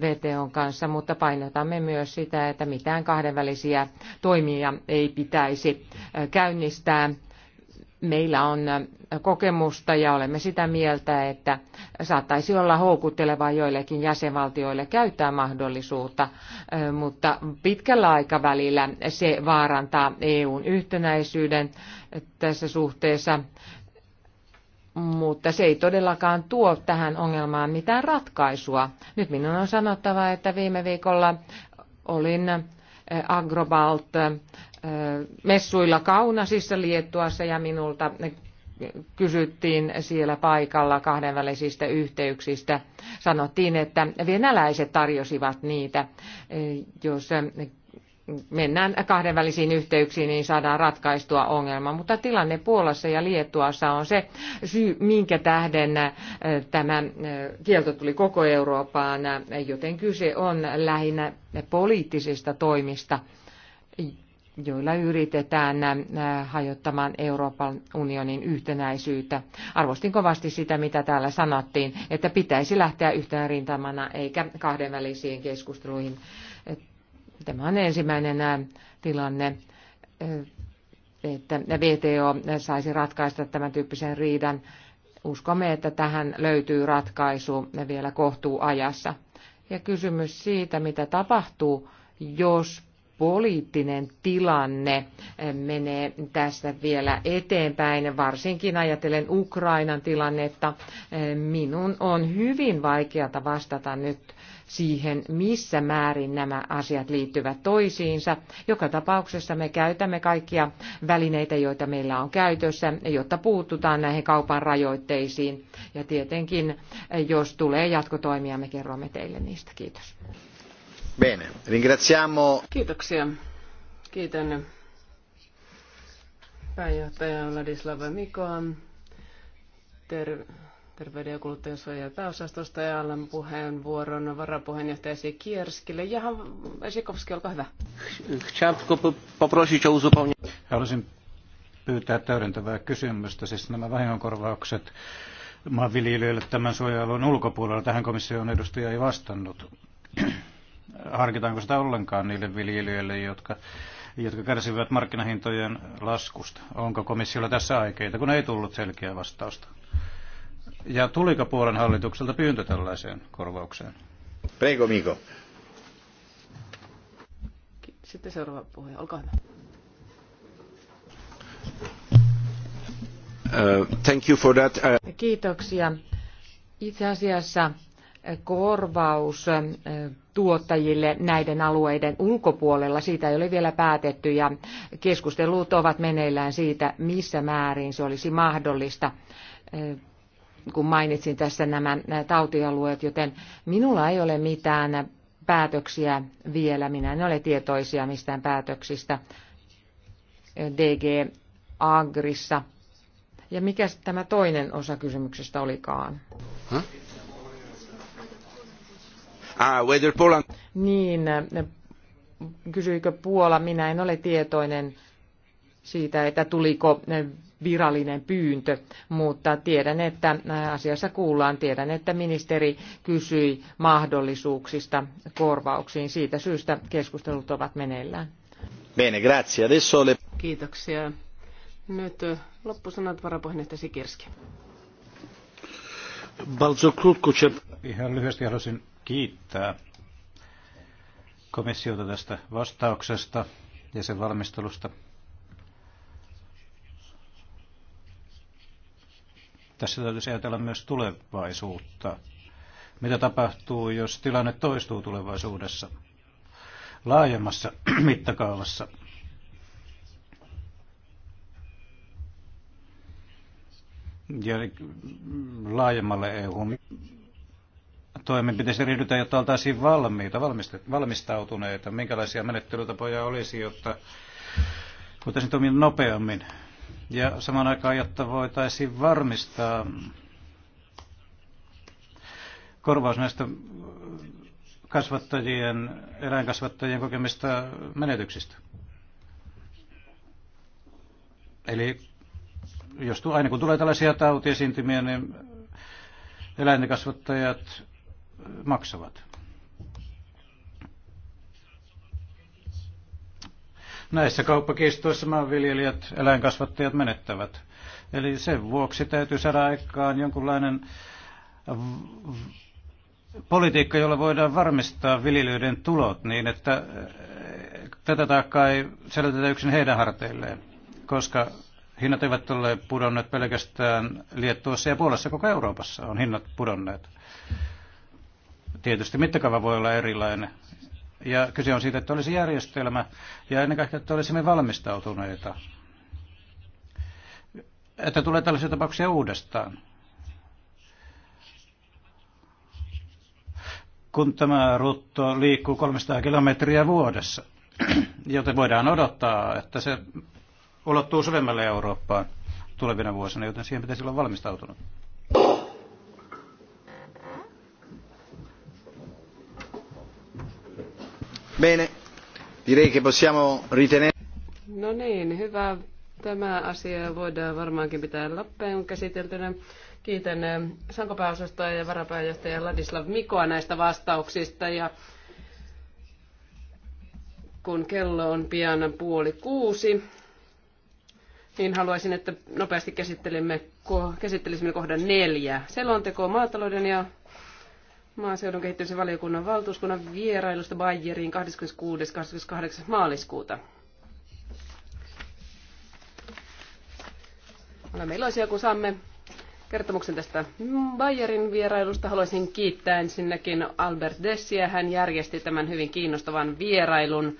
VTHn kanssa, mutta painotamme myös sitä, että mitään kahdenvälisiä toimia ei pitäisi käynnistää. Meillä on kokemusta ja olemme sitä mieltä, että saattaisi olla houkuttelevaa joillekin jäsenvaltioille käyttää mahdollisuutta, mutta pitkällä aikavälillä se vaarantaa EUn yhtenäisyyden tässä suhteessa mutta se ei todellakaan tuo tähän ongelmaan mitään ratkaisua. Nyt minun on sanottava, että viime viikolla olin Agrobalt messuilla Kaunasissa Liettuassa ja minulta kysyttiin siellä paikalla kahdenvälisistä yhteyksistä. Sanottiin, että venäläiset tarjosivat niitä. Jos mennään kahdenvälisiin yhteyksiin, niin saadaan ratkaistua ongelma. Mutta tilanne Puolassa ja Liettuassa on se syy, minkä tähden tämä kielto tuli koko Eurooppaan, joten kyse on lähinnä poliittisista toimista, joilla yritetään äh, hajottamaan Euroopan unionin yhtenäisyyttä. Arvostin kovasti sitä, mitä täällä sanottiin, että pitäisi lähteä yhtenä rintamana eikä kahdenvälisiin keskusteluihin. Tämä on ensimmäinen äh, tilanne, äh, että VTO saisi ratkaista tämän tyyppisen riidan. Uskomme, että tähän löytyy ratkaisu vielä kohtuu ajassa. Ja kysymys siitä, mitä tapahtuu, jos poliittinen tilanne menee tästä vielä eteenpäin, varsinkin ajatellen Ukrainan tilannetta. Minun on hyvin vaikeata vastata nyt siihen, missä määrin nämä asiat liittyvät toisiinsa. Joka tapauksessa me käytämme kaikkia välineitä, joita meillä on käytössä, jotta puututaan näihin kaupan rajoitteisiin. Ja tietenkin, jos tulee jatkotoimia, me kerromme teille niistä. Kiitos. Bene, ringraziamo... Kiitoksia. Kiitän pääjohtaja Ladislava Mikoa ter- terveyden ja kuluttajansuojan pääosastosta ja annan puheenvuoron varapuheenjohtaja kierskille. Ja Sikovski, olkaa hyvä. Haluaisin pyytää täydentävää kysymystä, siis nämä vahingonkorvaukset maanviljelijöille tämän suoja-alueen ulkopuolella. Tähän komission edustaja ei vastannut harkitaanko sitä ollenkaan niille viljelijöille, jotka, jotka kärsivät markkinahintojen laskusta? Onko komissiolla tässä aikeita, kun ei tullut selkeää vastausta? Ja tuliko Puolan hallitukselta pyyntö tällaiseen korvaukseen? Prego, Miko. Sitten seuraava puhuja, olkaa hyvä. Uh, thank you for that. Uh, Kiitoksia. Itse asiassa korvaus uh, tuottajille näiden alueiden ulkopuolella. Siitä ei ole vielä päätetty ja keskustelut ovat meneillään siitä, missä määrin se olisi mahdollista äh, kun mainitsin tässä nämä, tautialueet, joten minulla ei ole mitään päätöksiä vielä. Minä en ole tietoisia mistään päätöksistä DG Agrissa. Ja mikä tämä toinen osa kysymyksestä olikaan? Huh? Ah, niin, kysyikö Puola? Minä en ole tietoinen siitä, että tuliko virallinen pyyntö, mutta tiedän, että asiassa kuullaan. Tiedän, että ministeri kysyi mahdollisuuksista korvauksiin. Siitä syystä keskustelut ovat meneillään. Bene, grazie. Adesso le... Kiitoksia. Nyt loppusanat varapuheenjohtaja Sikirski. Bardzo Ihan lyhyesti haluaisin kiittää komissiota tästä vastauksesta ja sen valmistelusta. Tässä täytyisi ajatella myös tulevaisuutta. Mitä tapahtuu, jos tilanne toistuu tulevaisuudessa laajemmassa mittakaavassa? ja laajemmalle EU toimenpiteisiin ryhdytään, jotta oltaisiin valmiita, valmistautuneita? Minkälaisia menettelytapoja olisi, jotta voitaisiin toimia nopeammin? Ja samaan aikaan, jotta voitaisiin varmistaa korvaus näistä kasvattajien, eläinkasvattajien kokemista menetyksistä. Eli jos, aina kun tulee tällaisia tautiesiintymiä, niin eläintenkasvattajat maksavat. Näissä kauppakiistoissa maanviljelijät, eläinkasvattajat menettävät. Eli sen vuoksi täytyy saada aikaan jonkunlainen politiikka, jolla voidaan varmistaa viljelijöiden tulot niin, että eh, tätä taakkaa ei selätetä yksin heidän harteilleen, koska hinnat eivät ole pudonneet pelkästään Liettuossa ja Puolassa, koko Euroopassa on hinnat pudonneet. Tietysti mittakaava voi olla erilainen. Ja kyse on siitä, että olisi järjestelmä ja ennen kaikkea, että olisimme valmistautuneita. Että tulee tällaisia tapauksia uudestaan. kun tämä rutto liikkuu 300 kilometriä vuodessa, joten voidaan odottaa, että se ulottuu syvemmälle Eurooppaan tulevina vuosina, joten siihen pitäisi olla valmistautunut. Bene, direi che possiamo ritenere... No niin, hyvä. Tämä asia voidaan varmaankin pitää lappeen käsiteltynä. Kiitän eh, sankopääosastoa ja varapääjohtaja Ladislav Mikoa näistä vastauksista. Ja kun kello on pian puoli kuusi, niin haluaisin, että nopeasti käsittelisimme kohdan neljä. Selonteko maatalouden ja maaseudun kehittämisen valiokunnan valtuuskunnan vierailusta Bayeriin 26.–28. maaliskuuta. Olemme iloisia, kun saamme kertomuksen tästä Bayerin vierailusta. Haluaisin kiittää ensinnäkin Albert Dessiä. Hän järjesti tämän hyvin kiinnostavan vierailun,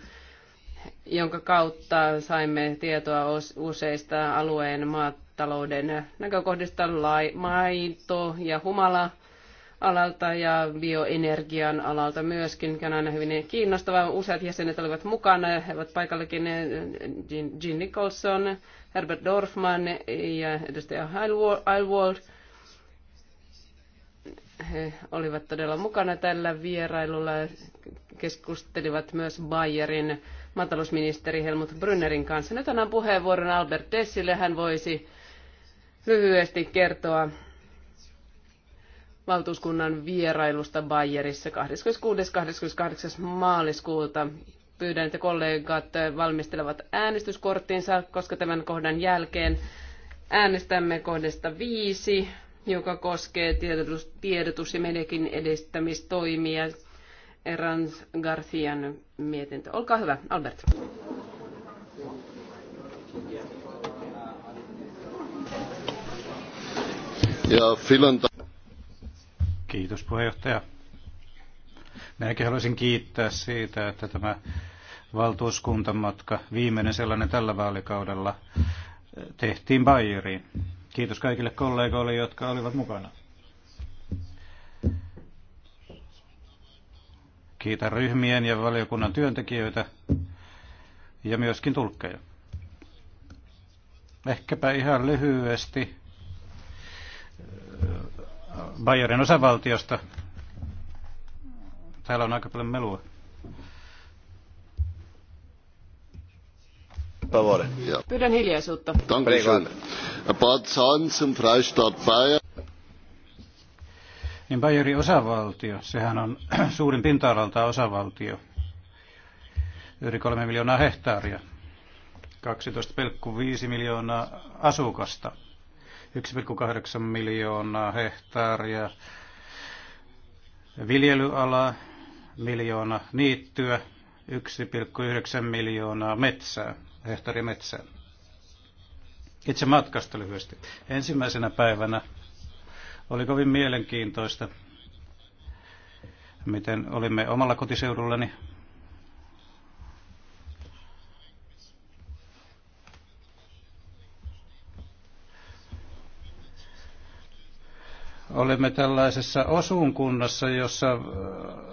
jonka kautta saimme tietoa useista alueen maatalouden näkökohdista, maito ja humala alalta ja bioenergian alalta myöskin, mikä on aina hyvin kiinnostavaa. Useat jäsenet olivat mukana, he ovat paikallakin eh, Jean Nicholson, Herbert Dorfman ja edustaja Heilwald. He olivat todella mukana tällä vierailulla. Keskustelivat myös Bayerin matalousministeri Helmut Brünnerin kanssa. Nyt annan puheenvuoron Albert Tessille. Hän voisi lyhyesti kertoa valtuuskunnan vierailusta Bayerissa 26.–28. maaliskuuta. Pyydän, että kollegat valmistelevat äänestyskorttinsa, koska tämän kohdan jälkeen äänestämme kohdasta 5, joka koskee tiedotus, tiedotus- ja mediakin edistämistoimia. Erans Garcian mietintö. Olkaa hyvä, Albert. Ja, Kiitos puheenjohtaja. Minäkin haluaisin kiittää siitä, että tämä valtuuskuntamatka, viimeinen sellainen tällä vaalikaudella, tehtiin Bayeriin. Kiitos kaikille kollegoille, jotka olivat mukana. Kiitän ryhmien ja valiokunnan työntekijöitä ja myöskin tulkkeja. Ehkäpä ihan lyhyesti Bayerin osavaltiosta. Täällä on aika paljon melua. Pyydän hiljaisuutta. Dankeschön. Ein paar Freistaat Bayern. Niin Bayerin osavaltio, sehän on suurin pinta-alalta osavaltio. Yli kolme miljoonaa hehtaaria. 12,5 miljoonaa asukasta. 1,8 miljoonaa hehtaaria viljelyalaa, miljoona niittyä, 1,9 miljoonaa metsää, hehtaari metsää. Itse matkasta lyhyesti. Ensimmäisenä päivänä oli kovin mielenkiintoista, miten olimme omalla kotiseudullani Olemme tällaisessa osuunkunnassa, jossa äh,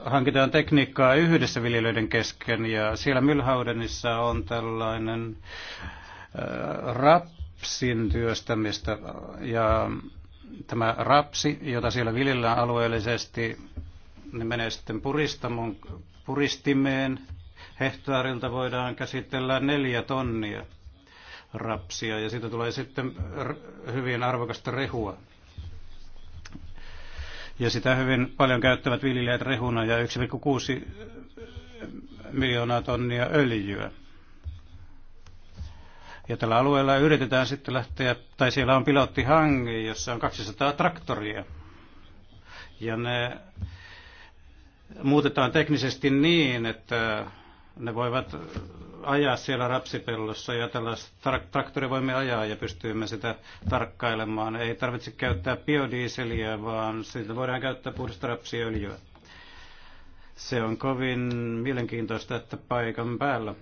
hankitaan tekniikkaa yhdessä viljelijöiden kesken ja siellä Mylhaudenissa on tällainen äh, rapsin työstämistä ja tämä rapsi, jota siellä viljellään alueellisesti, niin menee sitten puristamon, puristimeen. Hehtaarilta voidaan käsitellä neljä tonnia rapsia ja siitä tulee sitten hyvin arvokasta rehua. Ja sitä hyvin paljon käyttävät viljelijät rehuna ja 1,6 eh, miljoonaa tonnia öljyä. Ja tällä alueella yritetään sitten lähteä, tai siellä on pilottihangi, jossa on 200 traktoria. Ja ne muutetaan teknisesti niin, että ne voivat ajaa siellä rapsipellossa ja tällaista tra- traktori voimme ajaa ja pystyimme sitä tarkkailemaan. Ei tarvitse käyttää biodieseliä, vaan siitä voidaan käyttää puhdasta rapsiöljyä. Se on kovin mielenkiintoista, että paikan päällä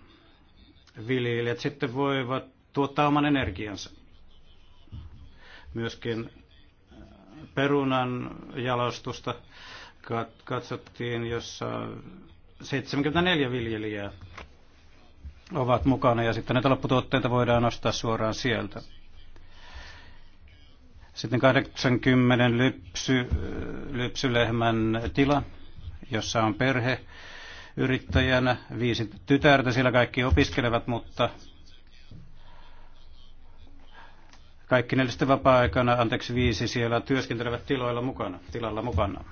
viljelijät sitten voivat tuottaa oman energiansa. Myöskin äh, perunan jalostusta katsottiin, jossa 74 viljelijää ovat mukana ja sitten näitä lopputuotteita voidaan ostaa suoraan sieltä. Sitten 80 lypsy, lypsylehmän tila, jossa on perhe yrittäjänä, viisi tytärtä, siellä kaikki opiskelevat, mutta kaikki neljästä vapaa-aikana, anteeksi viisi, siellä työskentelevät tiloilla mukana, tilalla mukana.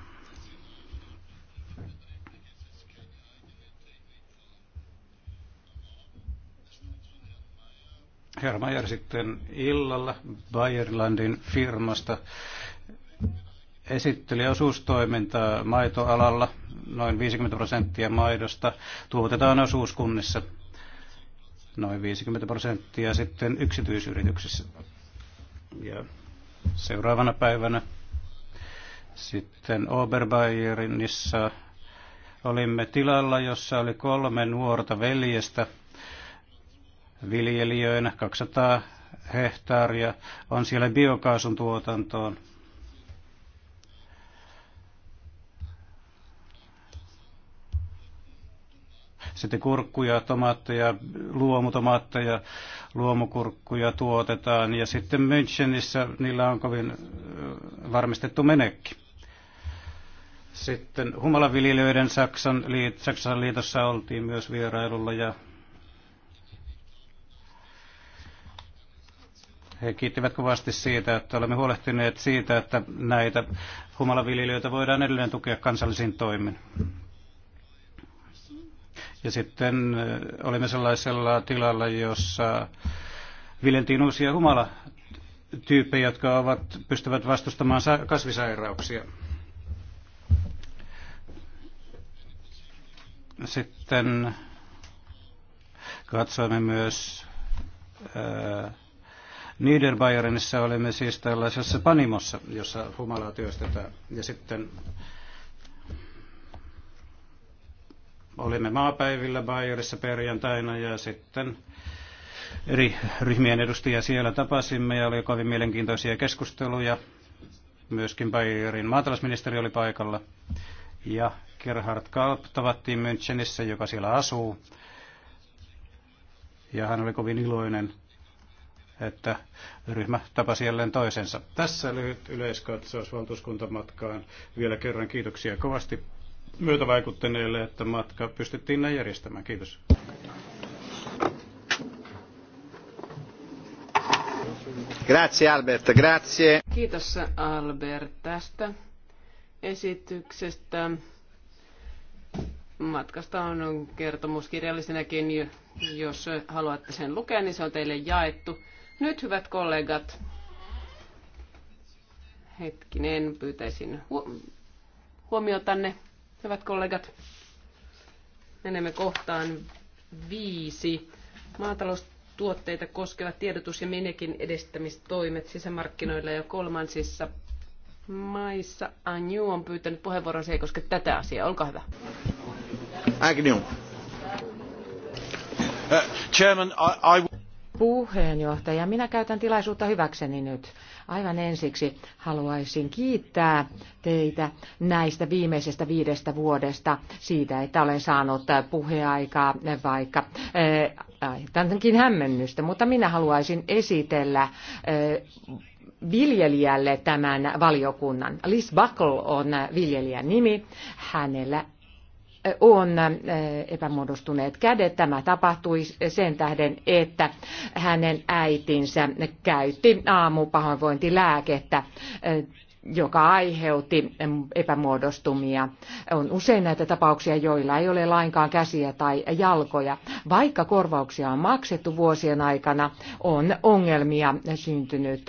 Herr Mayer sitten illalla Bayerlandin firmasta esitteli osuustoimintaa maitoalalla. Noin 50 prosenttia maidosta tuotetaan osuuskunnissa, noin 50 prosenttia sitten yksityisyrityksissä. Ja seuraavana päivänä sitten Oberbayernissa olimme tilalla, jossa oli kolme nuorta veljestä – viljelijöinä, 200 hehtaaria on siellä biokaasun tuotantoon. Sitten kurkkuja, tomaatteja, luomutomaatteja, luomukurkkuja tuotetaan ja sitten Münchenissä niillä on kovin varmistettu menekki. Sitten humalaviljelijöiden Saksan, liit, Saksan liitossa oltiin myös vierailulla ja He kiittivät kovasti siitä, että olemme huolehtineet siitä, että näitä humalaviljelijöitä voidaan edelleen tukea kansallisin toimin. Ja sitten äh, olimme sellaisella tilalla, jossa viljeltiin uusia humalatyyppejä, jotka ovat, pystyvät vastustamaan kasvisairauksia. Sitten katsoimme myös ää, äh, Niederbayernissa olemme siis tällaisessa panimossa, jossa humalaa työstetään. Ja sitten olimme maapäivillä Bayerissa perjantaina ja sitten eri ryhmien edustajia siellä tapasimme ja oli kovin mielenkiintoisia keskusteluja. Myöskin Bayerin maatalousministeri oli paikalla ja Gerhard Kalp tavattiin Münchenissä, joka siellä asuu. Ja hän oli kovin iloinen että ryhmä tapasi jälleen toisensa. Tässä lyhyt yleiskatsaus valtuuskuntamatkaan. Vielä kerran kiitoksia kovasti myötävaikuttaneille, että matka pystyttiin näin järjestämään. Kiitos. Grazie Albert, grazie. Kiitos Albert tästä esityksestä. Matkasta on kertomus kirjallisenakin, jos haluatte sen lukea, niin se on teille jaettu. Nyt hyvät kollegat, hetkinen, pyytäisin huomiotanne, hyvät kollegat. Menemme kohtaan viisi. Maataloustuotteita koskevat tiedotus- ja menekin edistämistoimet sisämarkkinoilla ja kolmansissa maissa. Anju on pyytänyt puheenvuoron, se ei koske tätä asiaa. Olkaa hyvä. Agnew. Uh, chairman, I, I puheenjohtaja. Minä käytän tilaisuutta hyväkseni nyt. Aivan ensiksi haluaisin kiittää teitä näistä viimeisestä viidestä vuodesta siitä, että olen saanut puheaikaa, vaikka eh, aiheuttankin hämmennystä, mutta minä haluaisin esitellä eh, viljelijälle tämän valiokunnan. Liz Buckle on viljelijän nimi. Hänellä on äh, epämuodostuneet kädet. Tämä tapahtui sen tähden, että hänen äitinsä käytti aamupahoinvointilääkettä äh, joka aiheutti epämuodostumia. On usein näitä tapauksia, joilla ei ole lainkaan käsiä tai jalkoja. Vaikka korvauksia on maksettu vuosien aikana, on ongelmia syntynyt.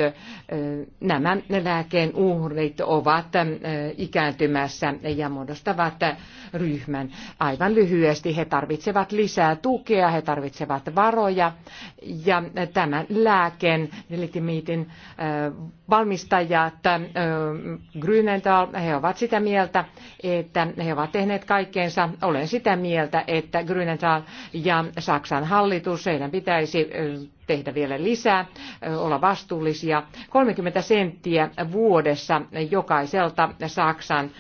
Nämä lääkeen uhrit ovat ikääntymässä ja muodostavat ryhmän. Aivan lyhyesti he tarvitsevat lisää tukea, he tarvitsevat varoja ja tämän lääkeen, eli valmistajat Grünenthal, he ovat sitä mieltä, että he ovat tehneet kaikkeensa. Olen sitä mieltä, että Grünenthal ja Saksan hallitus, heidän pitäisi tehdä vielä lisää, olla vastuullisia. 30 senttiä vuodessa jokaiselta Saksan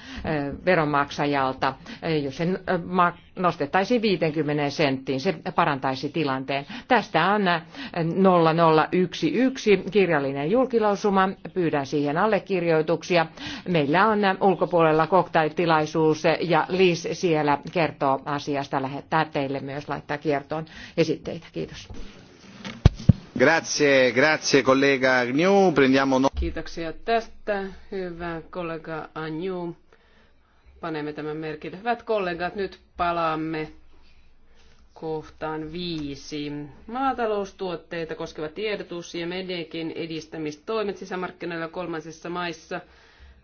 veronmaksajalta, jos sen nostettaisiin 50 senttiin. Se parantaisi tilanteen. Tästä on 0011 äh, kirjallinen julkilausuma. Pyydän siihen allekirjoituksia. Meillä on äh, ulkopuolella koktailtilaisuus ja Liis siellä kertoo asiasta. Lähettää teille myös laittaa kiertoon esitteitä. Kiitos. Grazie, grazie collega Agnew. Prendiamo no- Kiitoksia tästä, hyvä kollega Agnew panemme tämän merkille. Hyvät kollegat, nyt palaamme kohtaan viisi. Maataloustuotteita koskeva tiedotus ja medekin edistämistoimet sisämarkkinoilla kolmansissa maissa.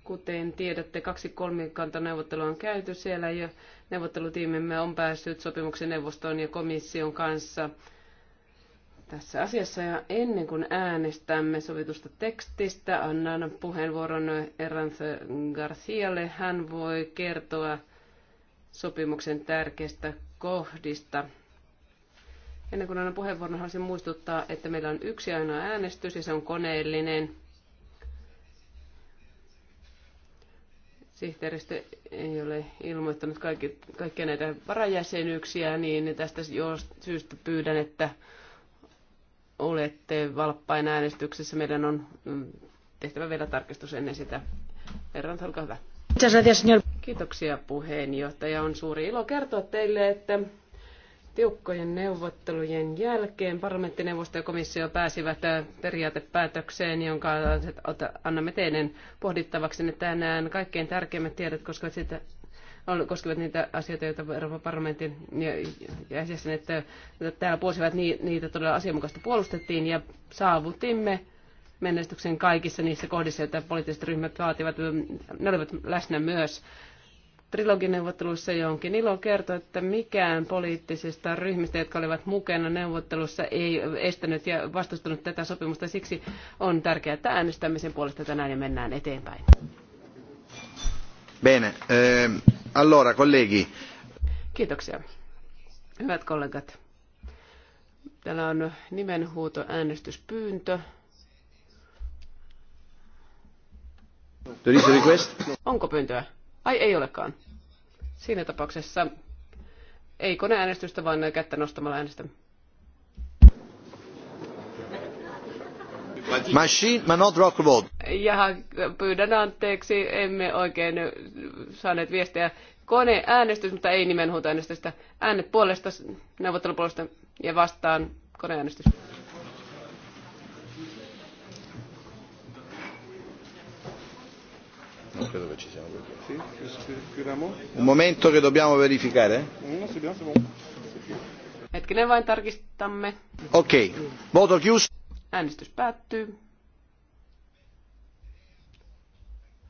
Kuten tiedätte, kaksi kolmikantaneuvottelua on käyty siellä ja neuvottelutiimimme on päässyt sopimuksen neuvoston ja komission kanssa tässä asiassa. Ja ennen kuin äänestämme sovitusta tekstistä, annan puheenvuoron Erans Garcialle. Hän voi kertoa sopimuksen tärkeistä kohdista. Ennen kuin annan puheenvuoron, haluaisin muistuttaa, että meillä on yksi ainoa äänestys ja se on koneellinen. Sihteeristö ei ole ilmoittanut kaikki, kaikkia näitä varajäsenyyksiä, niin tästä syystä pyydän, että olette valppain äänestyksessä. Meidän on mm, tehtävä vielä tarkistus ennen sitä. Herran, olkaa hyvä. Kiitoksia puheenjohtaja. On suuri ilo kertoa teille, että tiukkojen neuvottelujen jälkeen parlamenttineuvosto ja komissio pääsivät äh, periaatepäätökseen, jonka annamme teidän pohdittavaksenne tänään. Kaikkein tärkeimmät tiedot koskevat sitä, koskevat niitä asioita, joita Euroopan parlamentin jäsen, että täällä puolustivat niitä todella asianmukaisesti puolustettiin ja saavutimme menestyksen kaikissa niissä kohdissa, joita poliittiset ryhmät vaativat. Ne olivat läsnä myös trilogineuvotteluissa jonkin ilo kertoi, että mikään poliittisista ryhmistä, jotka olivat mukana neuvottelussa, ei estänyt ja vastustanut tätä sopimusta. Siksi on tärkeää, että äänestämisen puolesta tänään ja mennään eteenpäin. Bene. Eh, Allora, kollegi. Kiitoksia. Hyvät kollegat. Täällä on nimenhuuto äänestyspyyntö. request. Onko pyyntöä? Ai ei olekaan. Siinä tapauksessa ei koneäänestystä, vaan kättä nostamalla äänestämme. Machine, but not rock roll. Jaha, pyydän anteeksi, emme oikein saaneet viestejä. Kone äänestys, mutta ei äänestystä. Äänet puolesta, neuvottelupuolesta ja vastaan koneäänestys. Un momento che dobbiamo verificare. Mm, no, Hetkinen vain tarkistamme. Okei, okay. voto chiuso. Äänestys päättyy.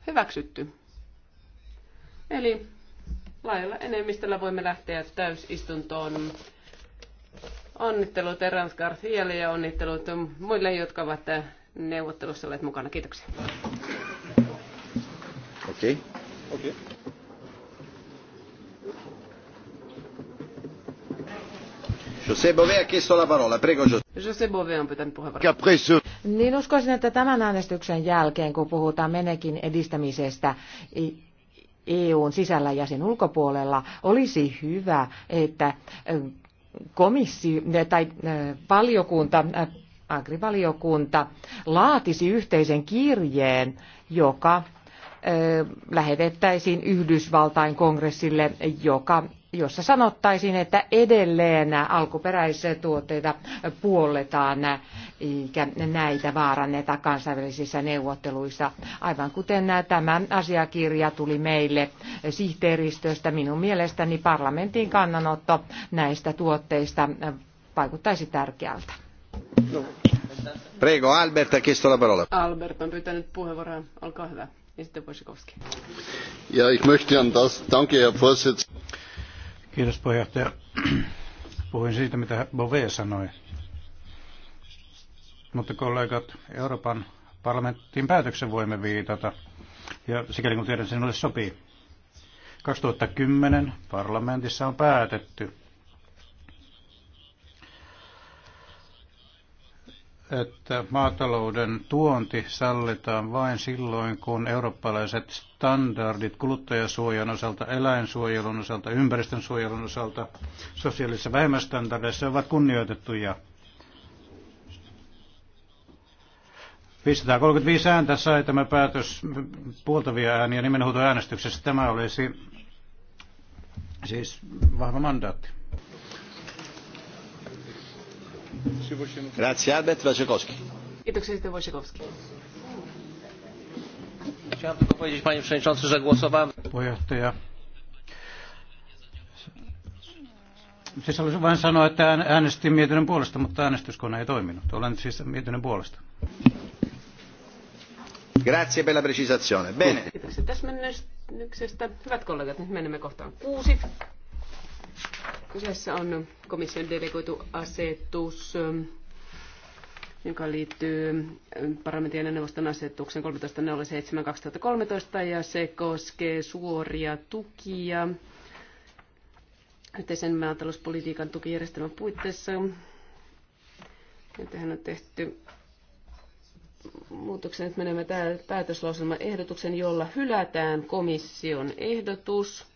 Hyväksytty. Eli laajalla enemmistöllä voimme lähteä täysistuntoon. Onnittelut Erans Garcialle ja onnittelut muille, jotka ovat neuvottelussa olleet mukana. Kiitoksia. Okei. Okay. Okay. José Bové a chiesto la parola. Prego, José. Bové on pitänyt puheenvuoron. Niin uskoisin, että tämän äänestyksen jälkeen, kun puhutaan menekin edistämisestä, EUn sisällä ja sen ulkopuolella, olisi hyvä, että komissio tai valiokunta agrivaliokunta laatisi yhteisen kirjeen, joka lähetettäisiin Yhdysvaltain kongressille, joka jossa sanottaisiin, että edelleen tuotteita puolletaan eikä näitä vaaranneta kansainvälisissä neuvotteluissa. Aivan kuten tämä asiakirja tuli meille sihteeristöstä, minun mielestäni parlamentin kannanotto näistä tuotteista vaikuttaisi tärkeältä. No. Prego, Albert la parola. Albert on pyytänyt puheenvuoroa. Olkaa hyvä. Ja sitten Ja, ich möchte an das, danke Herr Vorsitz. Kiitos puheenjohtaja. Puhuin siitä, mitä Bove sanoi. Mutta kollegat, Euroopan parlamentin päätöksen voimme viitata. Ja sikäli kun tiedän, sinulle sopii. 2010 parlamentissa on päätetty että maatalouden tuonti sallitaan vain silloin, kun eurooppalaiset standardit kuluttajasuojan osalta, eläinsuojelun osalta, ympäristönsuojelun osalta, sosiaalisissa vähemmästandardeissa ovat kunnioitettuja. 535 ääntä sai tämä päätös puoltavia ääniä nimenhuutoäänestyksessä. Tämä olisi siis vahva mandaatti. Albert Chciałem tylko powiedzieć panie przewodniczący, że głosowałem. Siis haluaisin vain sanoa, että äänestin mietinnön puolesta, mutta äänestyskone ei toiminut. Olen siis mietinnön puolesta. Grazie per la precisazione. Bene. Kiitoksia täsmennyksestä. Hyvät kollegat, nyt menemme kohtaan kuusi. Kyseessä on komission delegoitu asetus, joka liittyy parlamentin ja neuvoston asetuksen 13.07.2013 ja se koskee suoria tukia yhteisen maatalouspolitiikan tukijärjestelmän puitteissa. Ja tähän on tehty muutoksen, että menemme päätöslauselman ehdotuksen, jolla hylätään komission ehdotus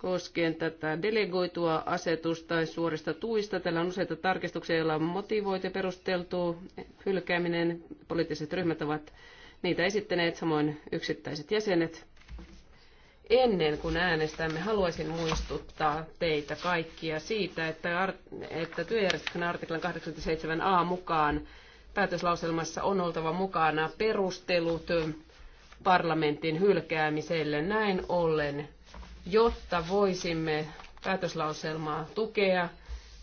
koskien tätä delegoitua asetusta suorista tuista. Täällä on useita tarkistuksia, joilla on motivoitu ja perusteltu hylkääminen. Poliittiset ryhmät ovat niitä esittäneet, samoin yksittäiset jäsenet. Ennen kuin äänestämme, haluaisin muistuttaa teitä kaikkia siitä, että, että työjärjestyksen artiklan 87a mukaan päätöslauselmassa on oltava mukana perustelut parlamentin hylkäämiselle. Näin ollen jotta voisimme päätöslauselmaa tukea.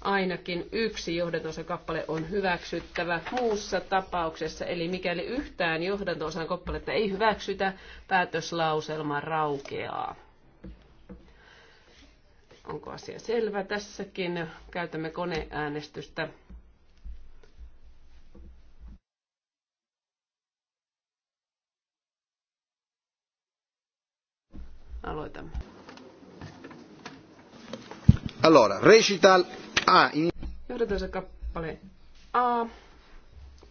Ainakin yksi johdantonsa kappale on hyväksyttävä muussa tapauksessa, eli mikäli yhtään johdantonsan kappaletta ei hyväksytä, päätöslauselma raukeaa. Onko asia selvä? Tässäkin käytämme koneäänestystä. Aloitamme. Allora, recital A. In... se kappale A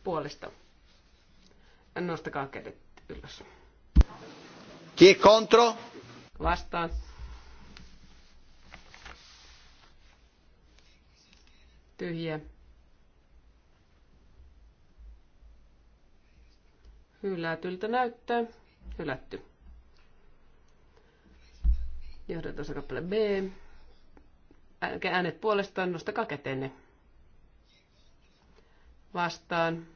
puolesta. Nostakaa kädet ylös. Chi è contro? Vastaan. Tyhjä. Hylätyltä näyttää. Hylätty. Johdetaan se kappale B äänet puolestaan nostakaa kätenne. Vastaan.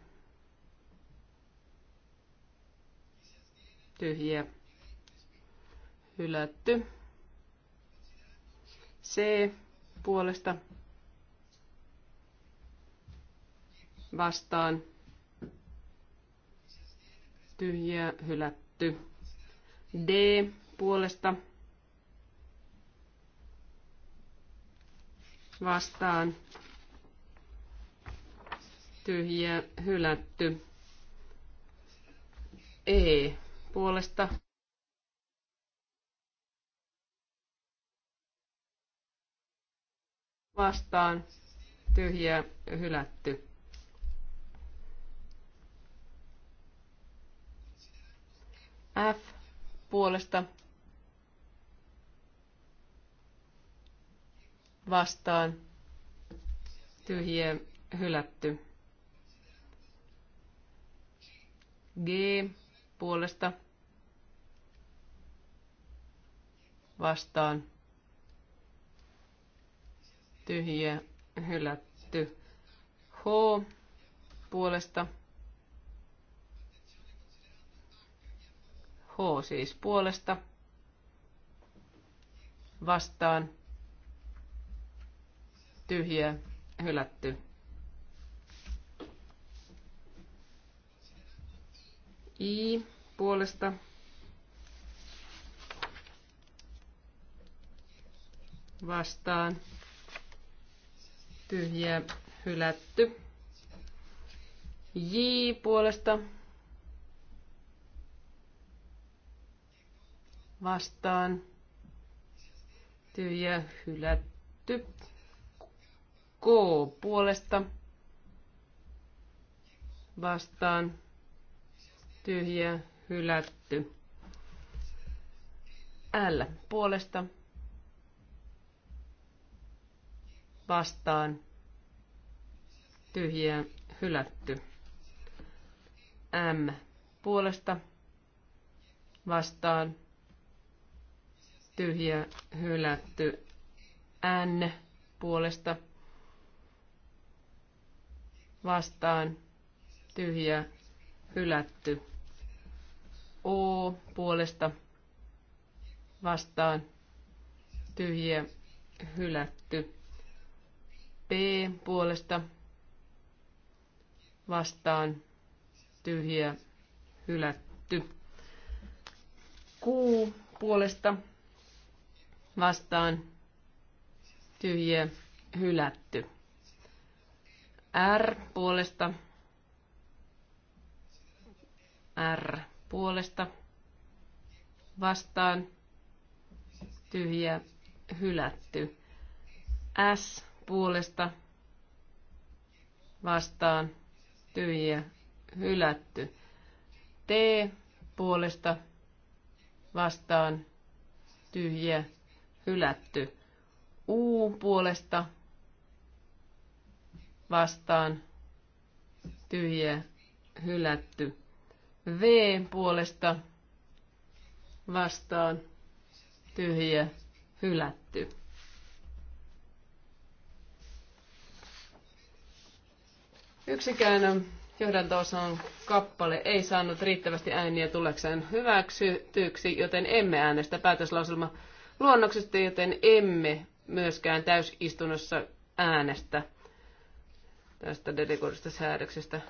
Tyhjiä. Hylätty. C puolesta. Vastaan. Tyhjiä, hylätty. D puolesta vastaan tyhjä hylätty. E puolesta vastaan tyhjä hylätty. F puolesta vastaan tyhjiä hylätty. G puolesta vastaan tyhjiä hylätty. H puolesta H siis puolesta vastaan tyhjiä, hylätty. I puolesta vastaan tyhjiä, hylätty. J puolesta vastaan tyhjä, hylätty. K puolesta vastaan tyhjä hylätty. L puolesta vastaan tyhjä hylätty. M puolesta vastaan tyhjä hylätty. N puolesta vastaan, vastaan tyhjä hylätty. O puolesta vastaan tyhjä hylätty. P puolesta vastaan tyhjä hylätty. Q puolesta vastaan tyhjä hylätty. R puolesta. R puolesta. Vastaan. Tyhjä. Hylätty. S puolesta. Vastaan. Tyhjä. Hylätty. T puolesta. Vastaan. Tyhjä. Hylätty. U puolesta vastaan tyhjä hylätty. V puolesta vastaan tyhjä hylätty. Yksikään johdantoosa on kappale ei saanut riittävästi ääniä tulekseen hyväksytyksi, joten emme äänestä päätöslauselma luonnoksesta, joten emme myöskään täysistunnossa äänestä tästä delegoidusta säädöksestä.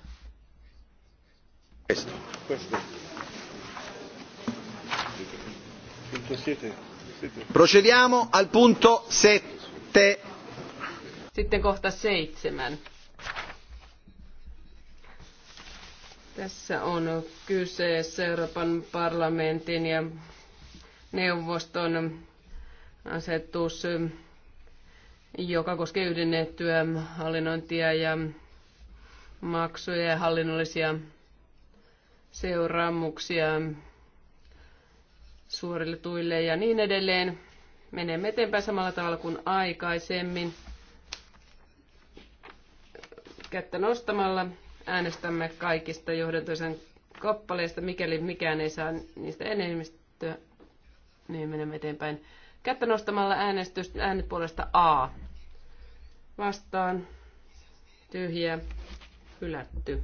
Procediamo al punto 7. Sitten kohta seitsemän. Tässä on kyseessä Euroopan parlamentin ja neuvoston asetus joka koskee yhdennettyä hallinnointia ja maksuja ja hallinnollisia seuraamuksia suorille tuille ja niin edelleen. Menemme eteenpäin samalla tavalla kuin aikaisemmin. Kättä nostamalla äänestämme kaikista johdantoisen kappaleista, mikäli mikään ei saa niistä enemmistöä, niin menemme eteenpäin. Kättä nostamalla äänestys, äänet puolesta A. Vastaan. Tyhjä. Hylätty.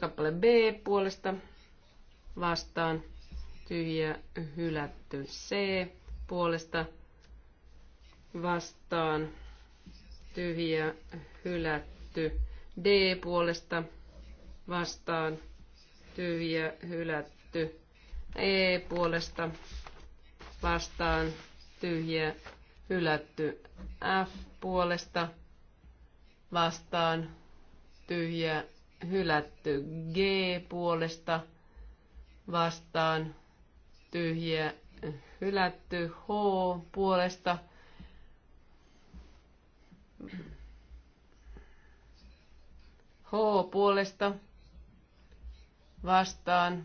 kappale B puolesta. Vastaan. Tyhjä. Hylätty. C puolesta. Vastaan. Tyhjä. Hylätty. D puolesta. Vastaan. Tyhjä. Hylätty. E puolesta vastaan tyhjä hylätty. F puolesta vastaan tyhjä hylätty. G puolesta vastaan tyhjä hylätty. H puolesta H puolesta vastaan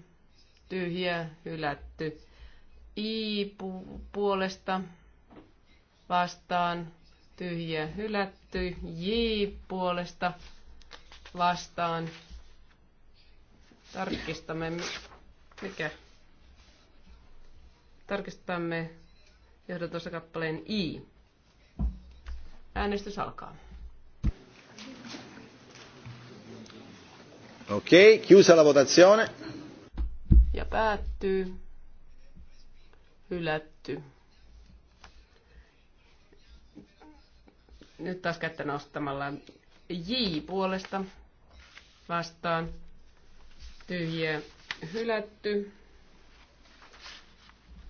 tyhjä hylätty. I puolesta vastaan tyhjä, hylätty. J puolesta vastaan. Tarkistamme, mikä? Tarkistamme johdatossa kappaleen I. Äänestys alkaa. Okei, okay, chiusa la votazione. Ja päättyy hylätty. Nyt taas kättä nostamalla J puolesta vastaan. Tyhjä hylätty.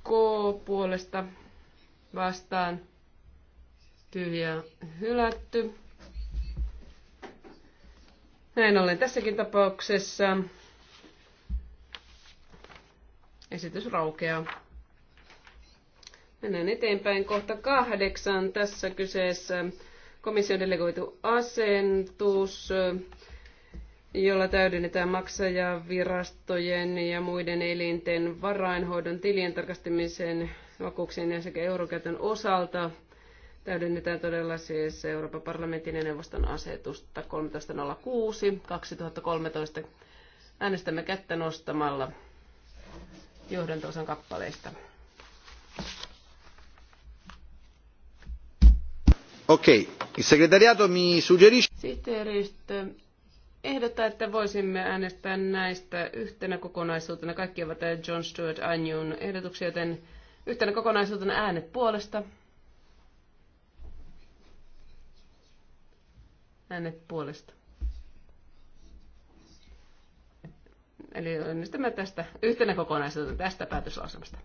K puolesta vastaan. Tyhjä hylätty. Näin ollen tässäkin tapauksessa esitys raukeaa. Mennään eteenpäin kohta kahdeksan. Tässä kyseessä komission delegoitu asentus, jolla täydennetään maksajavirastojen ja muiden elinten varainhoidon tilien tarkastamisen vakuuksien ja sekä eurokäytön osalta. Täydennetään todella siis Euroopan parlamentin ja neuvoston asetusta 1306-2013. Äänestämme kättä nostamalla johdantosan kappaleista. Okei. Okay. mi suggerisce... Sihteeristö ehdottaa, että voisimme äänestää näistä yhtenä kokonaisuutena. Kaikki ovat eh, John Stuart Anjun ehdotuksia, joten yhtenä kokonaisuutena äänet puolesta. Äänet puolesta. Eli onnistumme tästä yhtenä kokonaisuutena tästä päätöslauselmasta.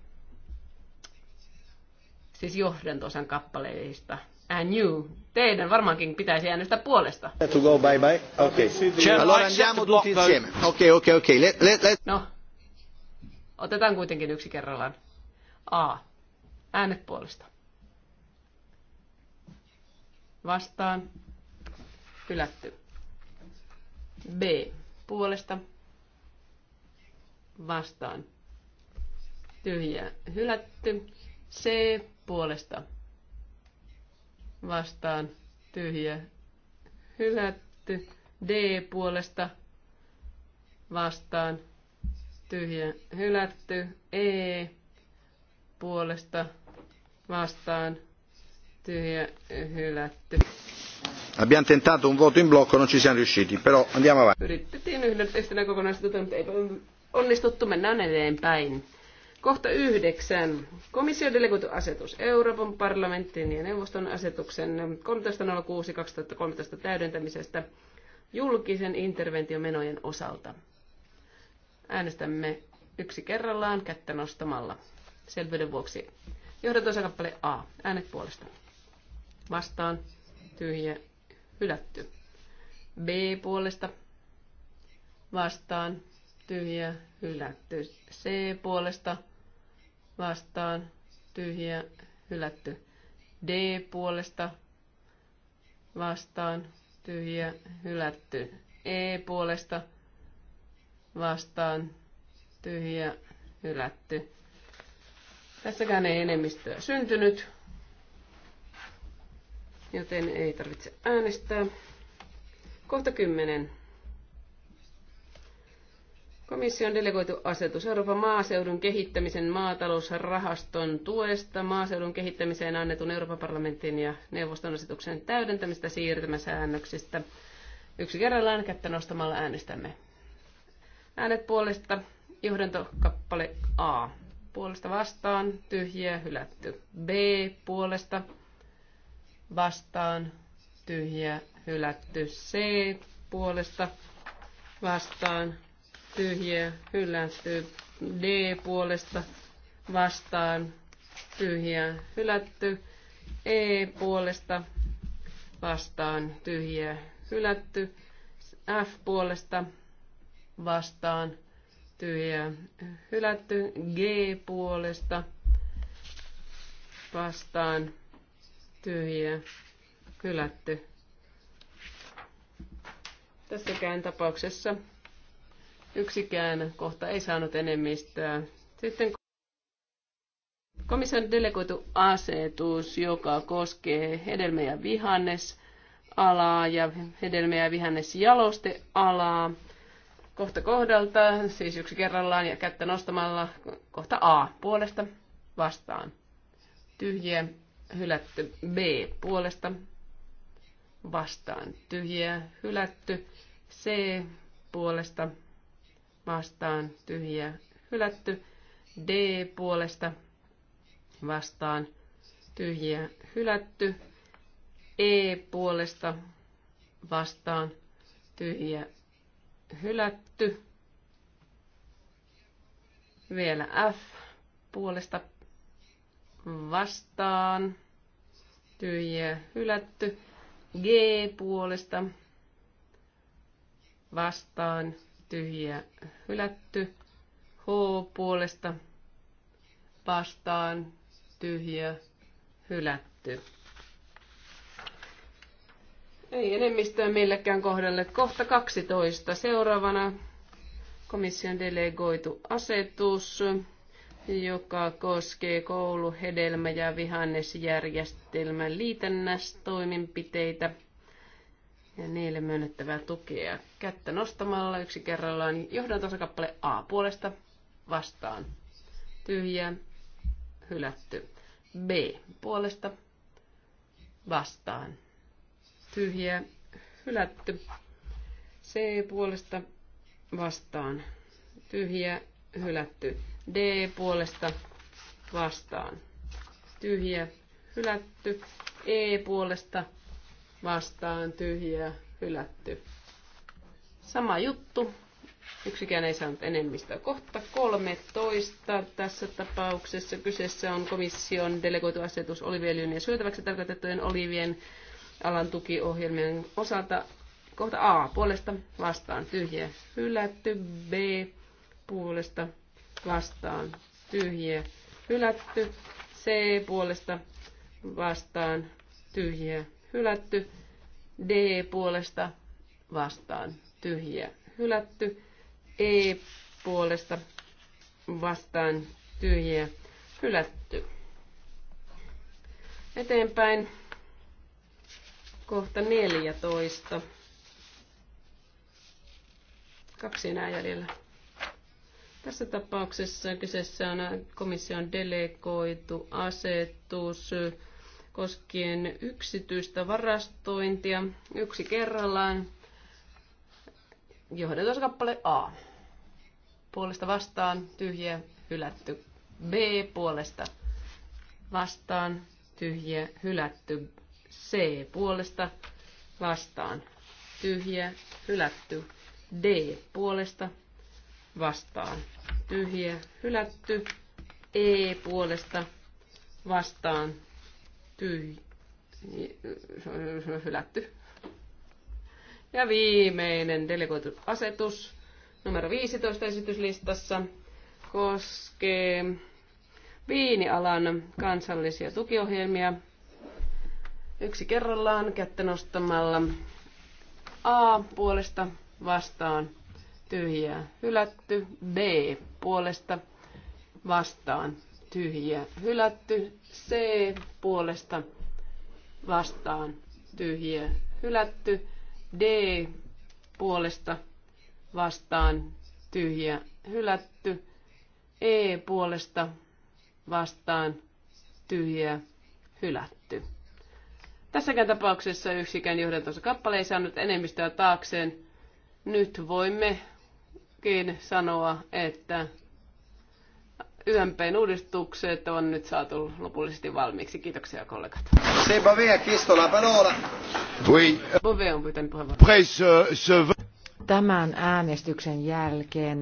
Siis johdantosan kappaleista. And you. Teidän varmaankin pitäisi äänestää puolesta. To go bye bye. Okay. Allora andiamo tutti insieme. Okay, okay, okay. Let, let, let. No. Otetaan kuitenkin yksi kerrallaan. A. Äänet puolesta. Vastaan. Hylätty. B. Puolesta. Vastaan. Tyhjä. Hylätty. C. Puolesta vastaan tyhjä hylätty. D puolesta vastaan tyhjä hylätty. E puolesta vastaan tyhjä hylätty. Abbiamo tentato un voto in blocco, non ci siamo riusciti, però andiamo avanti. Yritettiin yhdellä testinä kokonaisuutta, mutta ei onnistuttu, mennään eteenpäin. Kohta yhdeksän. Komission delegoitu asetus Euroopan parlamentin ja neuvoston asetuksen 13.06.2013 täydentämisestä julkisen interventiomenojen osalta. Äänestämme yksi kerrallaan kättä nostamalla. Selvyyden vuoksi johdatusakappale A. Äänet puolesta. Vastaan. Tyhjä. Hylätty. B puolesta. Vastaan tyhjä, hylätty. C puolesta vastaan, tyhjä, hylätty. D puolesta vastaan, tyhjä, hylätty. E puolesta vastaan, tyhjä, hylätty. Tässäkään ei enemmistöä syntynyt, joten ei tarvitse äänestää. Kohta kymmenen. Komission delegoitu asetus Euroopan maaseudun kehittämisen maatalousrahaston tuesta maaseudun kehittämiseen annetun Euroopan parlamentin ja neuvoston asetuksen täydentämistä siirtymäsäännöksistä. Yksi kerrallaan kättä nostamalla äänestämme. Äänet puolesta, johdantokappale A. Puolesta vastaan, tyhjiä, hylätty. B. Puolesta, vastaan, tyhjiä, hylätty. C. Puolesta, vastaan, tyhjiä, hylätty. D puolesta vastaan, tyhjiä, hylätty. E puolesta vastaan, tyhjiä, hylätty. F puolesta vastaan, tyhjiä, hylätty. G puolesta vastaan, tyhjiä, hylätty. Tässäkään tapauksessa Yksikään kohta ei saanut enemmistöä. Sitten komission delegoitu asetus, joka koskee hedelmä- ja vihannesalaa ja hedelmä- ja vihannesjalostealaa kohta kohdalta, siis yksi kerrallaan ja kättä nostamalla kohta A puolesta vastaan. Tyhjiä hylätty B puolesta vastaan. Tyhjiä hylätty C puolesta vastaan vastaan tyhjiä hylätty. D puolesta vastaan tyhjiä hylätty. E puolesta vastaan tyhjiä hylätty. Vielä F puolesta vastaan tyhjiä hylätty. G puolesta vastaan tyhjiä hylätty. H puolesta vastaan tyhjiä hylätty. Ei enemmistöä millekään kohdalle. Kohta 12. Seuraavana komission delegoitu asetus, joka koskee koulu-, hedelmä- ja vihannesjärjestelmän liitännästoimenpiteitä – ja niille myönnettävää tukea. Kättä nostamalla yksi kerrallaan johdantosakappale A puolesta vastaan. Tyhjä, hylätty. B puolesta vastaan. Tyhjä, hylätty. C puolesta vastaan. Tyhjä, hylätty. D puolesta vastaan. Tyhjä, hylätty. E puolesta vastaan vastaan tyhjä hylätty. Sama juttu. Yksikään ei saanut enemmistöä. Kohta 13 tässä tapauksessa kyseessä on komission delegoitu asetus oliviöljyn ja syötäväksi tarkoitettujen olivien alan tukiohjelmien osalta. Kohta A puolesta vastaan tyhjä hylätty. B puolesta vastaan tyhjä hylätty. C puolesta vastaan tyhjä hylätty. D puolesta vastaan tyhjiä hylätty. E puolesta vastaan tyhjiä hylätty. Eteenpäin kohta 14. Kaksi enää jäljellä. Tässä tapauksessa kyseessä on komission delegoitu asetus koskien yksityistä varastointia yksi kerrallaan. Johdantoskappale A. Puolesta vastaan, tyhjä, hylätty. B. Puolesta vastaan, tyhjä, hylätty. C. Puolesta vastaan, tyhjä, hylätty. D. Puolesta vastaan, tyhjä, hylätty. E. Puolesta vastaan, tyy, hylätty. Ja viimeinen delegoitu asetus, numero 15 esityslistassa, koskee viinialan kansallisia tukiohjelmia. Yksi kerrallaan kättä nostamalla A puolesta vastaan tyhjää hylätty, B puolesta vastaan tyhjiä hylätty. C puolesta vastaan tyhjiä hylätty. D puolesta vastaan tyhjiä hylätty. E puolesta vastaan tyhjiä hylätty. Tässäkään tapauksessa yksikään johdantonsa kappale ei saanut enemmistöä taakseen. Nyt voimmekin sanoa, että YMPn uudistukset on nyt saatu lopullisesti valmiiksi. Kiitoksia kollegat. Bove on pyytänyt puheenvuoron tämän äänestyksen jälkeen,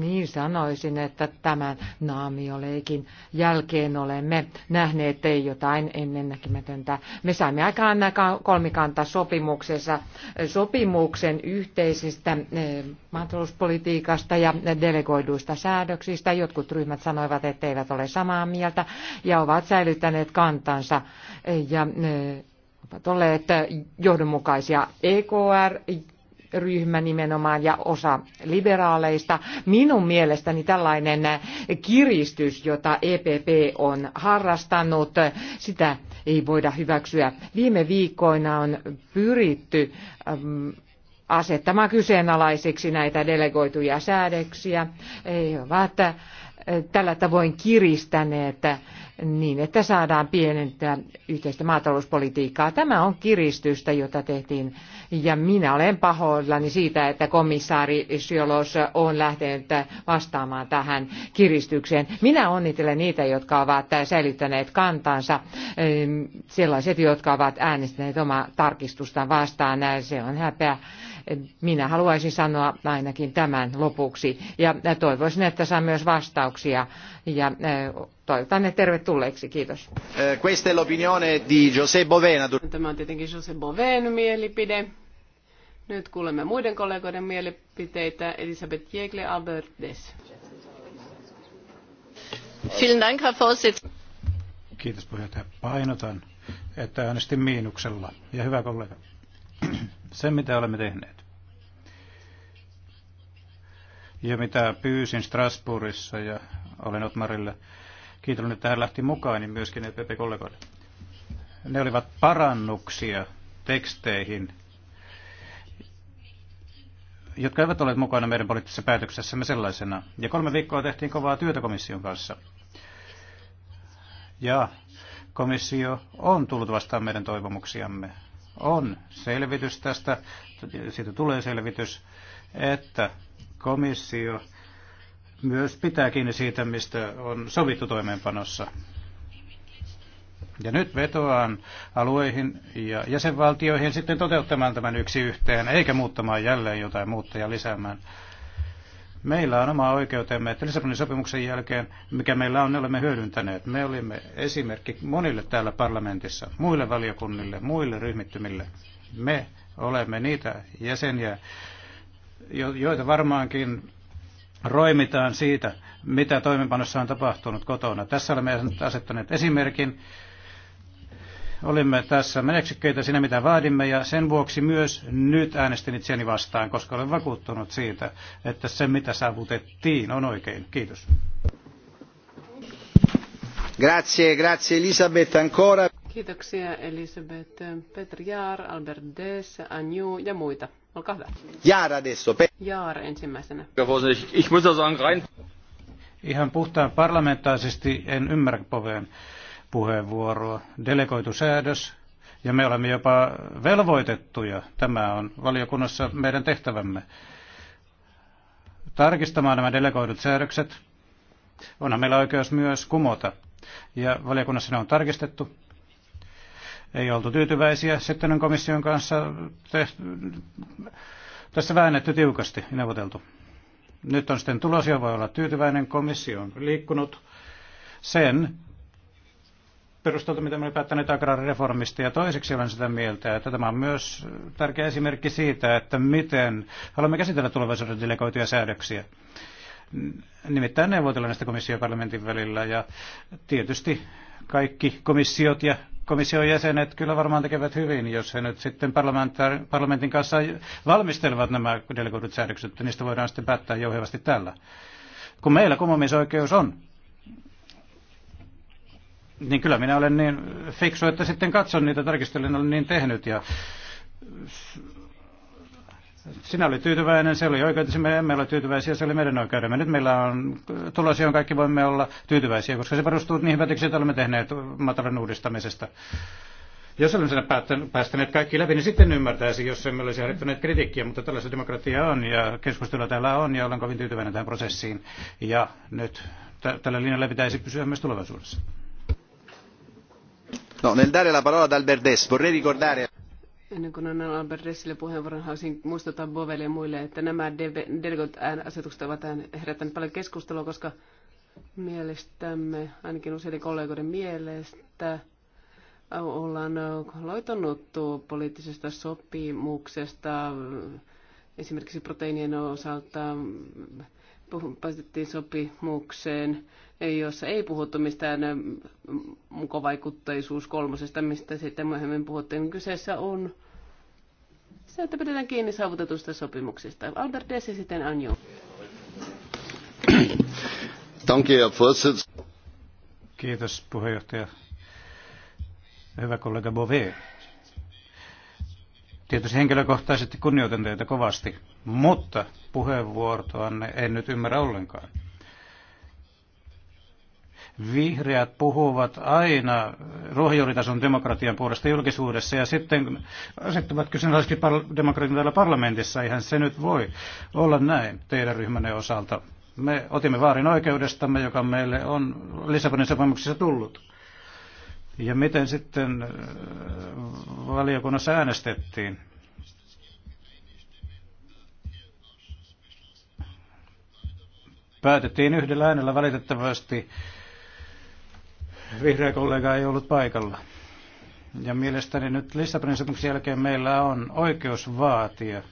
niin sanoisin, että tämän naamioleikin jälkeen olemme nähneet jotain ennennäkemätöntä. Me saimme aikaan kolmikanta sopimuksessa sopimuksen yhteisestä eh, maatalouspolitiikasta ja delegoiduista säädöksistä. Jotkut ryhmät sanoivat, että eivät ole samaa mieltä ja ovat säilyttäneet kantansa. Ja eh, ovat olleet eh, johdonmukaisia. EKR ryhmä nimenomaan ja osa liberaaleista. Minun mielestäni tällainen kiristys, jota EPP on harrastanut, sitä ei voida hyväksyä. Viime viikkoina on pyritty ähm, asettamaan kyseenalaiseksi näitä delegoituja säädöksiä. Ei ovat tällä tavoin kiristäneet niin, että saadaan pienentää yhteistä maatalouspolitiikkaa. Tämä on kiristystä, jota tehtiin, ja minä olen pahoillani siitä, että komissaari Sjolos on lähtenyt vastaamaan tähän kiristykseen. Minä onnittelen niitä, jotka ovat säilyttäneet kantansa, ehm, sellaiset, jotka ovat äänestäneet omaa tarkistustaan vastaan. Se on häpeä minä haluaisin sanoa ainakin tämän lopuksi ja toivoisin, että saan myös vastauksia ja e, toivotan ne tervetulleeksi Kiitos. E, questa è l'opinione di José Bovena. Tämä on tietenkin José Boven mielipide. Nyt kuulemme muiden kollegoiden mielipiteitä. Elisabeth Jegle, Albertes. Kiitos puheenjohtaja. Painotan, että äänestin miinuksella. Ja hyvä kollega, Sen mitä olemme tehneet ja mitä pyysin Strasbourgissa ja olen Otmarille kiitollinen, että hän lähti mukaan, niin myöskin EPP-kollegoille. Ne olivat parannuksia teksteihin, jotka eivät ole mukana meidän poliittisessa päätöksessämme sellaisena. Ja kolme viikkoa tehtiin kovaa työtä komission kanssa. Ja komissio on tullut vastaan meidän toivomuksiamme. On selvitys tästä, siitä tulee selvitys, että komissio myös pitää kiinni siitä, mistä on sovittu toimeenpanossa. Ja nyt vetoaan alueihin ja jäsenvaltioihin sitten toteuttamaan tämän yksi yhteen, eikä muuttamaan jälleen jotain muuta ja lisäämään. Meillä on oma oikeutemme, että Lissabonin sopimuksen jälkeen, mikä meillä on, ne olemme hyödyntäneet. Me olimme esimerkki monille täällä parlamentissa, muille valiokunnille, muille ryhmittymille. Me olemme niitä jäseniä, joita varmaankin roimitaan siitä, mitä toimenpanossa on tapahtunut kotona. Tässä olemme asettaneet esimerkin. Olimme tässä meneksikköitä sinä mitä vaadimme, ja sen vuoksi myös nyt äänestin itseäni vastaan, koska olen vakuuttunut siitä, että se, mitä saavutettiin, on oikein. Kiitos. Grazie, grazie Elisabeth ancora. Kiitoksia Elisabeth, Petri Jaar, Albert Dess, Anju ja muita. Olkaa hyvä. Jaar adesso. Jaar ensimmäisenä. Ich muss sagen, rein... Ihan puhtaan parlamentaarisesti en ymmärrä Poveen puheenvuoroa. Delegoitu säädös, ja me olemme jopa velvoitettuja, tämä on valiokunnassa meidän tehtävämme, tarkistamaan nämä delegoidut säädökset. Onhan meillä oikeus myös kumota. Ja valiokunnassa ne on tarkistettu ei oltu tyytyväisiä. Sitten on komission kanssa tehty, tässä väännetty tiukasti ja neuvoteltu. Nyt on sitten tulos, ja voi olla tyytyväinen. Komissio on liikkunut sen perusteltu, mitä me päättäneet agrarireformista. Ja toiseksi olen sitä mieltä, että tämä on myös tärkeä esimerkki siitä, että miten haluamme käsitellä tulevaisuuden delegoituja säädöksiä. Nimittäin neuvotellaan näistä komission ja parlamentin välillä ja tietysti kaikki komissiot ja komission jäsenet kyllä varmaan tekevät hyvin, jos he nyt sitten parlamentin kanssa valmistelevat nämä delegoidut säädökset, että niistä voidaan sitten päättää jouhevasti tällä. Kun meillä kumomisoikeus on, niin kyllä minä olen niin fiksu, että sitten katson niitä tarkistelen, olen niin tehnyt ja sinä olit tyytyväinen, se oli oikeutesi, me emme ole tyytyväisiä, se oli meidän oikeudemme. Nyt meillä on tulos, johon kaikki voimme olla tyytyväisiä, koska se perustuu niihin päätöksiin, joita olemme tehneet matalan uudistamisesta. Jos olemme sen päästäneet kaikki läpi, niin sitten ymmärtäisi, jos emme olisi harjoittaneet kritiikkiä, mutta tällaista demokratia on ja keskustelua täällä on ja olen kovin tyytyväinen tähän prosessiin. Ja nyt tällä linjalla pitäisi pysyä myös tulevaisuudessa. No, nel dare la parola ad Albert vorrei ricordare... Ennen kuin annan Ressille puheenvuoron, haluaisin muistuttaa Bovelle ja muille, että nämä delegoit-asetukset ovat herättäneet paljon keskustelua, koska mielestämme, ainakin useiden kollegoiden mielestä, ollaan loitonnuttu poliittisesta sopimuksesta esimerkiksi proteiinien osalta päätettiin sopimukseen jossa ei puhuttu mistään mukovaikutteisuus kolmosesta, mistä sitten myöhemmin puhuttiin. Kyseessä on se, että pidetään kiinni saavutetusta sopimuksista. Alder Dessi sitten Anjo. Kiitos puheenjohtaja. Hyvä kollega Bove. Tietysti henkilökohtaisesti kunnioitan teitä kovasti, mutta puheenvuoroanne en nyt ymmärrä ollenkaan. Vihreät puhuvat aina ruohonjuuritason demokratian puolesta julkisuudessa ja sitten asettuvat kyseenalaisesti demokratian täällä parlamentissa. Eihän se nyt voi olla näin teidän ryhmänne osalta. Me otimme vaarin oikeudestamme, joka meille on Lissabonin sopimuksessa tullut. Ja miten sitten äh, valiokunnassa äänestettiin? Päätettiin yhdellä äänellä valitettavasti vihreä kollega ei ollut paikalla. Ja mielestäni nyt Lissabonin sopimuksen jälkeen meillä on oikeus vaatia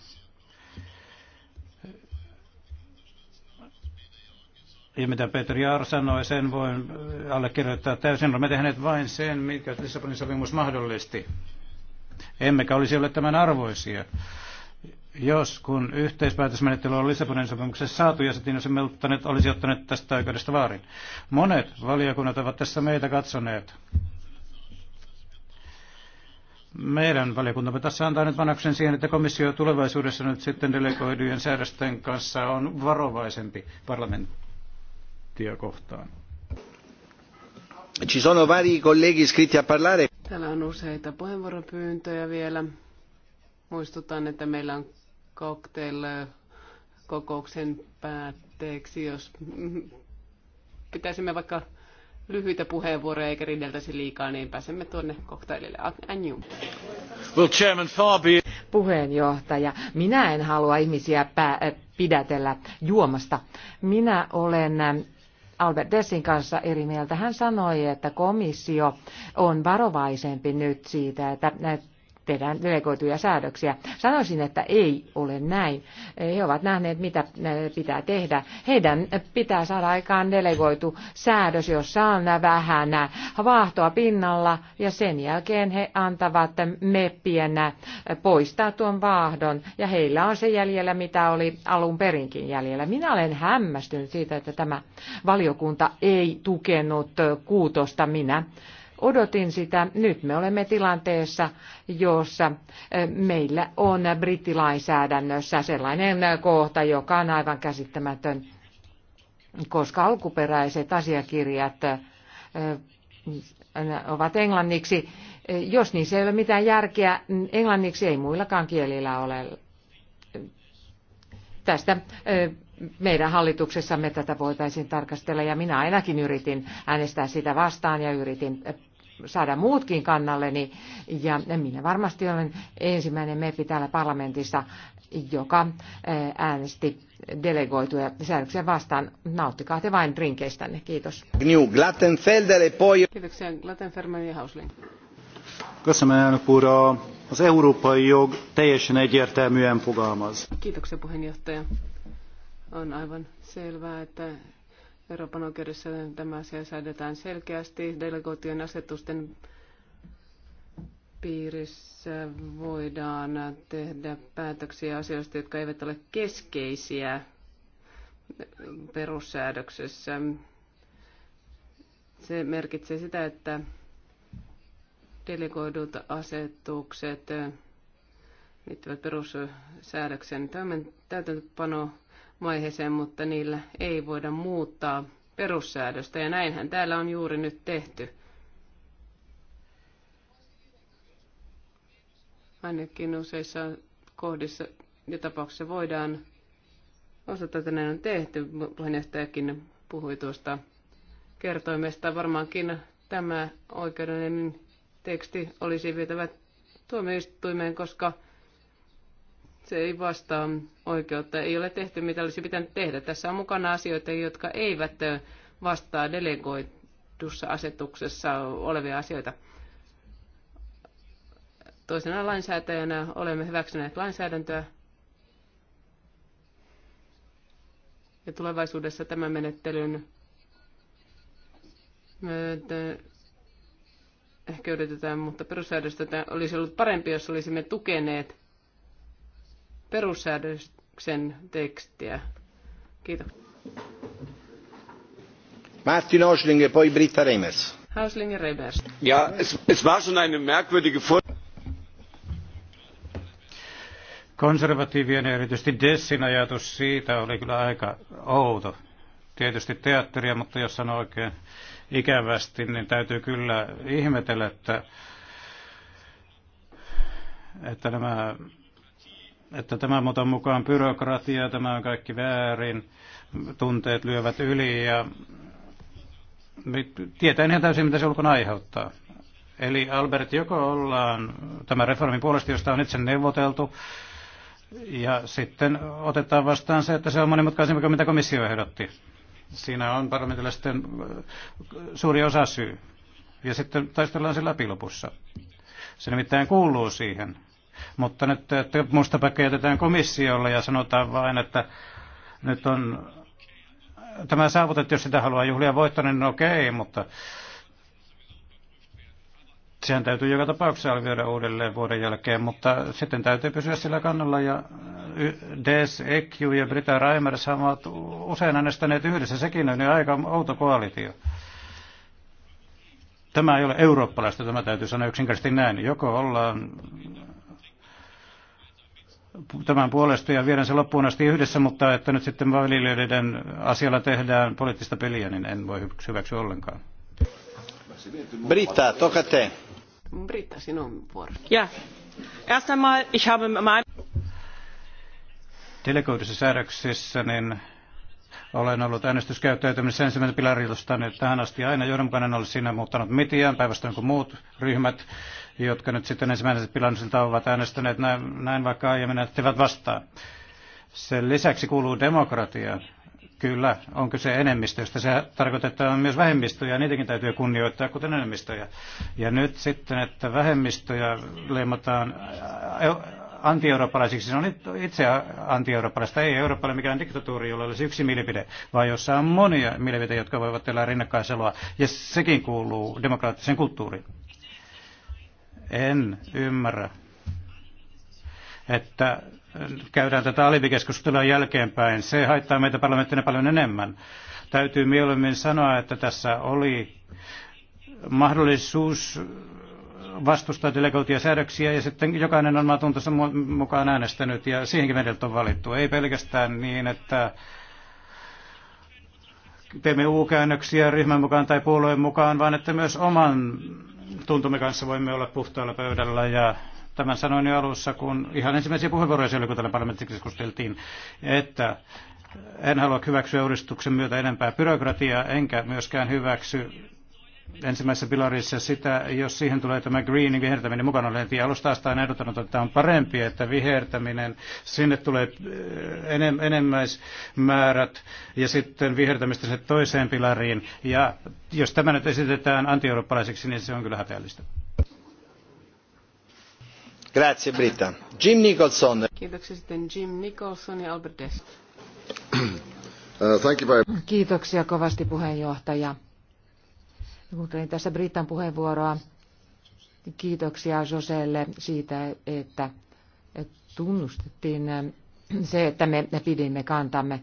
ja mitä Peter Jaar sanoi, sen voin allekirjoittaa täysin. Olemme tehneet vain sen, mikä Lissabonin sopimus mahdollisti. Emmekä olisi olleet tämän arvoisia. Jos kun yhteispäätösmenettely on Lissabonin sopimuksessa saatu ja sitten jos emme ottaneet, olisi ottanut tästä oikeudesta vaarin. Monet valiokunnat ovat tässä meitä katsoneet. Meidän valiokuntamme tässä antaa nyt panoksen siihen, että komissio tulevaisuudessa nyt sitten delegoidujen säädösten kanssa on varovaisempi parlamenttia kohtaan. Ci sono vari colleghi iscritti a parlare. Täällä on useita puheenvuoropyyntöjä vielä. Muistutan, että meillä on cocktail-kokouksen päätteeksi, jos pitäisimme vaikka lyhyitä puheenvuoroja eikä rideltäisi liikaa, niin pääsemme tuonne koktailille. Well, Chairman Farby. Puheenjohtaja, minä en halua ihmisiä äh, pidätellä juomasta. Minä olen ähm, Albert Dessin kanssa eri mieltä. Hän sanoi, että komissio on varovaisempi nyt siitä, että tehdään delegoituja säädöksiä. Sanoisin, että ei ole näin. He ovat nähneet, mitä pitää tehdä. Heidän pitää saada aikaan delegoitu säädös, jossa on vähän vaahtoa pinnalla, ja sen jälkeen he antavat meppien poistaa tuon vaahdon, ja heillä on se jäljellä, mitä oli alun perinkin jäljellä. Minä olen hämmästynyt siitä, että tämä valiokunta ei tukenut kuutosta minä Odotin sitä. Nyt me olemme tilanteessa, jossa eh, meillä on brittilainsäädännössä sellainen kohta, joka on aivan käsittämätön, koska alkuperäiset asiakirjat eh, ovat englanniksi. Jos niissä ei ole mitään järkeä, englanniksi ei muillakaan kielillä ole tästä eh, meidän hallituksessamme tätä voitaisiin tarkastella ja minä ainakin yritin äänestää sitä vastaan ja yritin äh, saada muutkin kannalleni ja minä varmasti olen ensimmäinen meppi täällä parlamentissa, joka äh, äänesti delegoituja säädöksiä vastaan. Nauttikaa te vain drinkeistänne. Kiitos. Gnu, Glattenfelder, poi... Kiitoksia Glattenferman ja Hausling. Köszönöm, elnök úr. Az európai jog teljesen egyértelműen fogalmaz. Kiitoksia puheenjohtaja. On aivan selvää, että Euroopan oikeudessa tämä asia säädetään selkeästi. Delegoitujen asetusten piirissä voidaan tehdä päätöksiä asioista, jotka eivät ole keskeisiä perussäädöksessä. Se merkitsee sitä, että delegoidut asetukset liittyvät perussäädöksen täytäntöpanoon vaiheeseen, mutta niillä ei voida muuttaa perussäädöstä, ja näinhän täällä on juuri nyt tehty. Ainakin useissa kohdissa ja tapauksissa voidaan osata, että näin on tehty. Puheenjohtajakin puhui tuosta kertoimesta. Varmaankin tämä oikeudellinen teksti olisi vietävä tuomioistuimeen, koska se ei vastaa oikeutta. Ei ole tehty, mitä olisi pitänyt tehdä. Tässä on mukana asioita, jotka eivät vastaa delegoidussa asetuksessa olevia asioita. Toisena lainsäätäjänä olemme hyväksyneet lainsäädäntöä. Ja tulevaisuudessa tämän menettelyn myötä ehkä yritetään, mutta perussäädöstä olisi ollut parempi, jos olisimme tukeneet – perussäädöksen tekstiä. Kiitos. Martin Osling ja poi Britta Remers. Hausling ja Reimers. Ja, es, es war schon eine merkwürdige Konservatiivien ja erityisesti Dessin ajatus siitä oli kyllä aika outo. Tietysti teatteria, mutta jos sanoo oikein ikävästi, niin täytyy kyllä ihmetellä, että, että nämä että tämä muuta mukaan byrokratia, tämä on kaikki väärin, tunteet lyövät yli ja tietää ihan täysin, mitä se ulkona aiheuttaa. Eli Albert, joko ollaan tämän reformin puolesta, josta on itse neuvoteltu, ja sitten otetaan vastaan se, että se on monimutkaisempi kuin mitä komissio ehdotti. Siinä on parlamentilla sitten äh, suuri osa syy. Ja sitten taistellaan sillä läpi lopussa. Se nimittäin kuuluu siihen, mutta nyt että mustapekka jätetään komissiolle ja sanotaan vain, että nyt on tämä saavutettu, jos sitä haluaa juhlia voittaa, niin okei, mutta sehän täytyy joka tapauksessa arvioida uudelleen vuoden jälkeen, mutta sitten täytyy pysyä sillä kannalla. Ja Des, EQ ja Brita Reimer ovat usein äänestäneet yhdessä, sekin on jo aika outo koalitio. Tämä ei ole eurooppalaista, tämä täytyy sanoa yksinkertaisesti näin. Joko ollaan tämän puolesta ja viedään se loppuun asti yhdessä, mutta että nyt sitten viljelijöiden asialla tehdään poliittista peliä, niin en voi hyväksyä ollenkaan. Britta, toka te. Britta, sinun vuoro. Ja. Erst einmal, ich habe mein... Delegoidussa säädöksissä, niin olen ollut äänestyskäyttäytymisessä ensimmäisen pilarilta tähän asti aina johdonmukainen ollut siinä muuttanut mitään, päivästä kuin muut ryhmät jotka nyt sitten ensimmäiset pilannusilta ovat äänestäneet näin, näin vaikka aiemmin äänestivät vastaan. Sen lisäksi kuuluu demokratia. Kyllä, on kyse enemmistöstä. Se on myös vähemmistöjä, niitäkin täytyy kunnioittaa, kuten enemmistöjä. Ja nyt sitten, että vähemmistöjä leimataan anti-eurooppalaisiksi, se on itse anti-eurooppalaista, ei Euroopalle mikään diktatuuri, jolla olisi yksi mielipide, vaan jossa on monia mielipiteitä, jotka voivat elää rinnakkaiseloa, ja sekin kuuluu demokraattiseen kulttuuriin. En ymmärrä, että käydään tätä alibikeskustelua jälkeenpäin. Se haittaa meitä parlamenttina paljon enemmän. Täytyy mieluummin sanoa, että tässä oli mahdollisuus vastustaa delegoituja säädöksiä ja sitten jokainen on maatuntonsa mukaan äänestänyt ja siihenkin meidät on valittu. Ei pelkästään niin, että teemme u-käännöksiä ryhmän mukaan tai puolueen mukaan, vaan että myös oman tuntumme kanssa voimme olla puhtaalla pöydällä ja tämän sanoin jo alussa, kun ihan ensimmäisiä puheenvuoroja siellä, kun täällä parlamentissa keskusteltiin, että en halua hyväksyä uudistuksen myötä enempää byrokratiaa, enkä myöskään hyväksy ensimmäisessä pilarissa sitä, jos siihen tulee tämä greenin vihertäminen mukana, olen alusta asti on ehdottanut, että on parempi, että vihertäminen, sinne tulee eh, enem, enemmäismäärät ja sitten vihertämistä se toiseen pilariin. Ja jos tämä nyt esitetään antieurooppalaiseksi, niin se on kyllä häpeällistä. Grazie Britta. Jim Nicholson. Kiitoksia sitten Jim Nicholson ja Albert Dest. Uh, Kiitoksia kovasti puheenjohtaja. Kuuntelin tässä Britan puheenvuoroa. Kiitoksia Joselle siitä, että tunnustettiin äh, se, että me pidimme kantamme.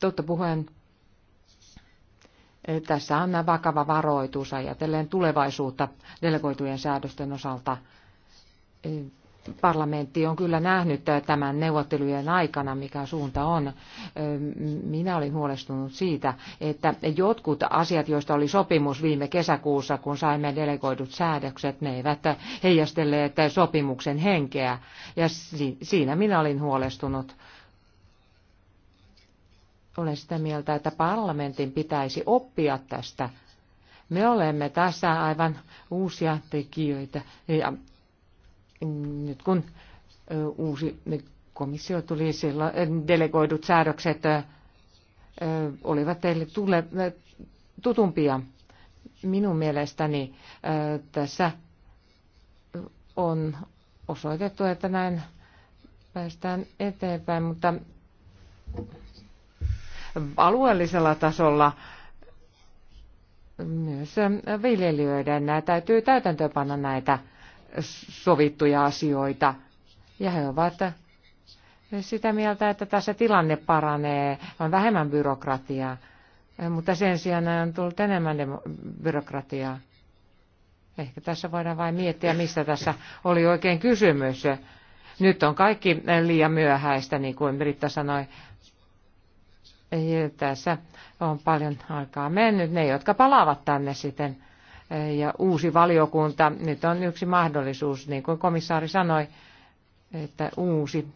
Totta puheen, äh, tässä on vakava varoitus ajatellen tulevaisuutta delegoitujen säädösten osalta. Äh, parlamentti on kyllä nähnyt tämän neuvottelujen aikana, mikä suunta on. Minä olin huolestunut siitä, että jotkut asiat, joista oli sopimus viime kesäkuussa, kun saimme delegoidut säädökset, ne eivät heijastelleet sopimuksen henkeä. Ja siinä minä olin huolestunut. Olen sitä mieltä, että parlamentin pitäisi oppia tästä me olemme tässä aivan uusia tekijöitä ja nyt kun uusi komissio tuli silloin, delegoidut säädökset olivat teille tule, tutumpia. Minun mielestäni tässä on osoitettu, että näin päästään eteenpäin, mutta alueellisella tasolla myös viljelijöiden täytyy täytäntöönpanna näitä sovittuja asioita. Ja he ovat sitä mieltä, että tässä tilanne paranee, on vähemmän byrokratiaa, mutta sen sijaan on tullut enemmän byrokratiaa. Ehkä tässä voidaan vain miettiä, mistä tässä oli oikein kysymys. Nyt on kaikki liian myöhäistä, niin kuin Britta sanoi. Tässä on paljon aikaa mennyt. Ne, jotka palaavat tänne sitten ja uusi valiokunta. Nyt on yksi mahdollisuus, niin kuin komissaari sanoi, että uusi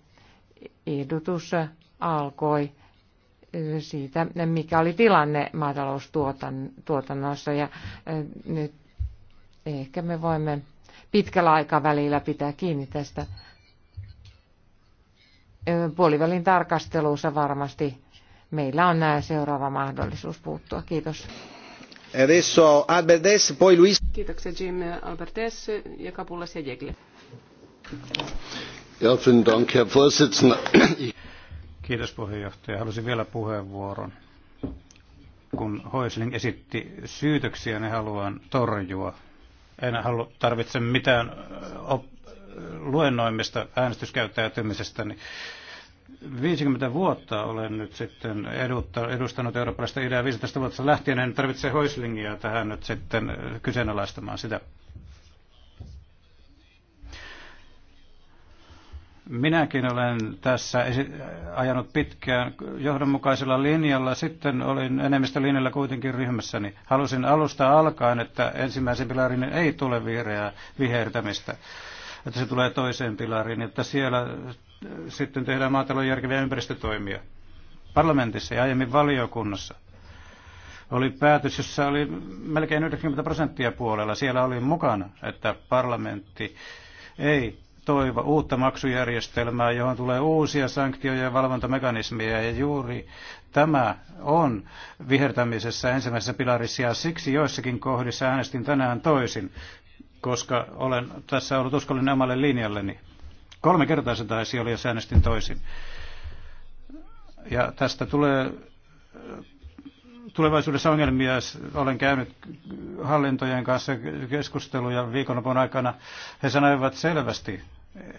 ehdotus alkoi siitä, mikä oli tilanne maataloustuotannossa. Ja nyt ehkä me voimme pitkällä aikavälillä pitää kiinni tästä puolivälin tarkastelussa varmasti meillä on nämä seuraava mahdollisuus puuttua. Kiitos. E adesso Albertes, Luis. Albertes ja Herr Vorsitzender. Kiitos puheenjohtaja. Halusin vielä puheenvuoron. Kun Hoisling esitti syytöksiä, ne niin haluan torjua. En halu tarvitse mitään op- luennoimista äänestyskäyttäytymisestäni. niin 50 vuotta olen nyt sitten edustanut eurooppalaista ideaa 15 vuotta lähtien. En tarvitse hoislingia tähän nyt sitten äh, kyseenalaistamaan sitä. Minäkin olen tässä ajanut pitkään johdonmukaisella linjalla. Sitten olin enemmistölinjalla kuitenkin ryhmässäni. Halusin alusta alkaen, että ensimmäisen pilarin ei tule vihreää vihertämistä, että se tulee toiseen pilariin, että siellä sitten tehdään maatalouden järkeviä ympäristötoimia. Parlamentissa ja aiemmin valiokunnassa oli päätös, jossa oli melkein 90 prosenttia puolella. Siellä oli mukana, että parlamentti ei toiva uutta maksujärjestelmää, johon tulee uusia sanktioja ja valvontamekanismeja. Ja juuri tämä on vihertämisessä ensimmäisessä pilarissa ja siksi joissakin kohdissa äänestin tänään toisin, koska olen tässä ollut uskollinen omalle linjalleni. Kolme kertaa se taisi oli, jos äänestin toisin. Ja tästä tulee tulevaisuudessa ongelmia. Olen käynyt hallintojen kanssa keskusteluja viikonlopun aikana. He sanoivat selvästi,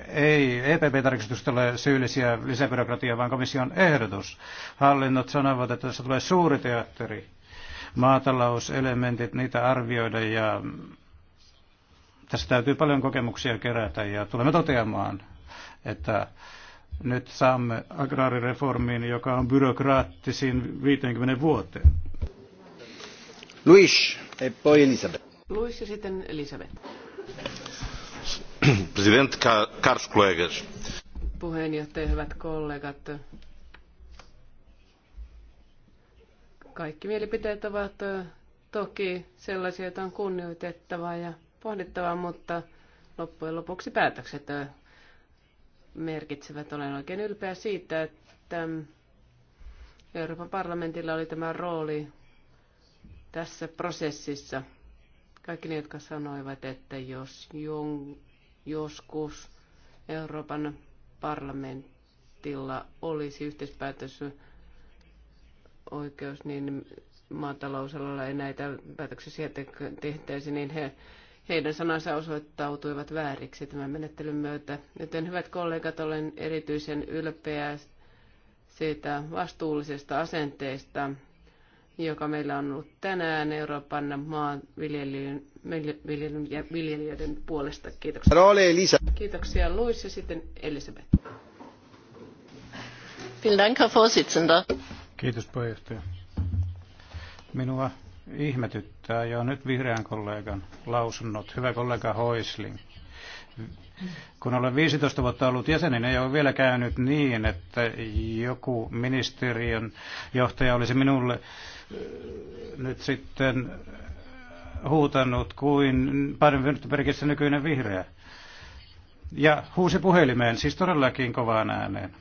ei epp tarkistusta ole syyllisiä lisäbyrokratiaa, vaan komission ehdotus. Hallinnot sanovat, että tässä tulee suuri teatteri. Maatalouselementit, niitä arvioida ja tässä täytyy paljon kokemuksia kerätä ja tulemme toteamaan, että nyt saamme agraarireformiin, joka on byrokraattisin 50 vuoteen. Luis, e poi Elisabeth. Luis ja sitten Elisabeth. President, Kars kollegas. Puheenjohtaja, hyvät kollegat. Kaikki mielipiteet ovat toki sellaisia, joita on kunnioitettavaa ja pohdittavaa, mutta loppujen lopuksi päätökset merkitsevät. Olen oikein ylpeä siitä, että Euroopan parlamentilla oli tämä rooli tässä prosessissa. Kaikki ne, jotka sanoivat, että jos jon, joskus Euroopan parlamentilla olisi yhteispäätös oikeus, niin maatalousalalla ei näitä päätöksiä tehtäisi, niin he heidän sanansa osoittautuivat vääriksi tämän menettelyn myötä. Joten hyvät kollegat, olen erityisen ylpeä siitä vastuullisesta asenteesta, joka meillä on ollut tänään Euroopan maanviljelijöiden viljelijöiden puolesta. Kiitoksia. No, ole Elisa. Kiitoksia Luis ja sitten Elisabeth. Vielen Dank, Herr Vorsitzender. Kiitos puheenjohtaja. Minua ihmetyttää jo nyt vihreän kollegan lausunnot. Hyvä kollega Hoisling. Kun olen 15 vuotta ollut jäsenen, ei ole vielä käynyt niin, että joku ministeriön johtaja olisi minulle äh, nyt sitten huutanut kuin Baden-Württembergissä nykyinen vihreä. Ja huusi puhelimeen, siis todellakin kovaan ääneen.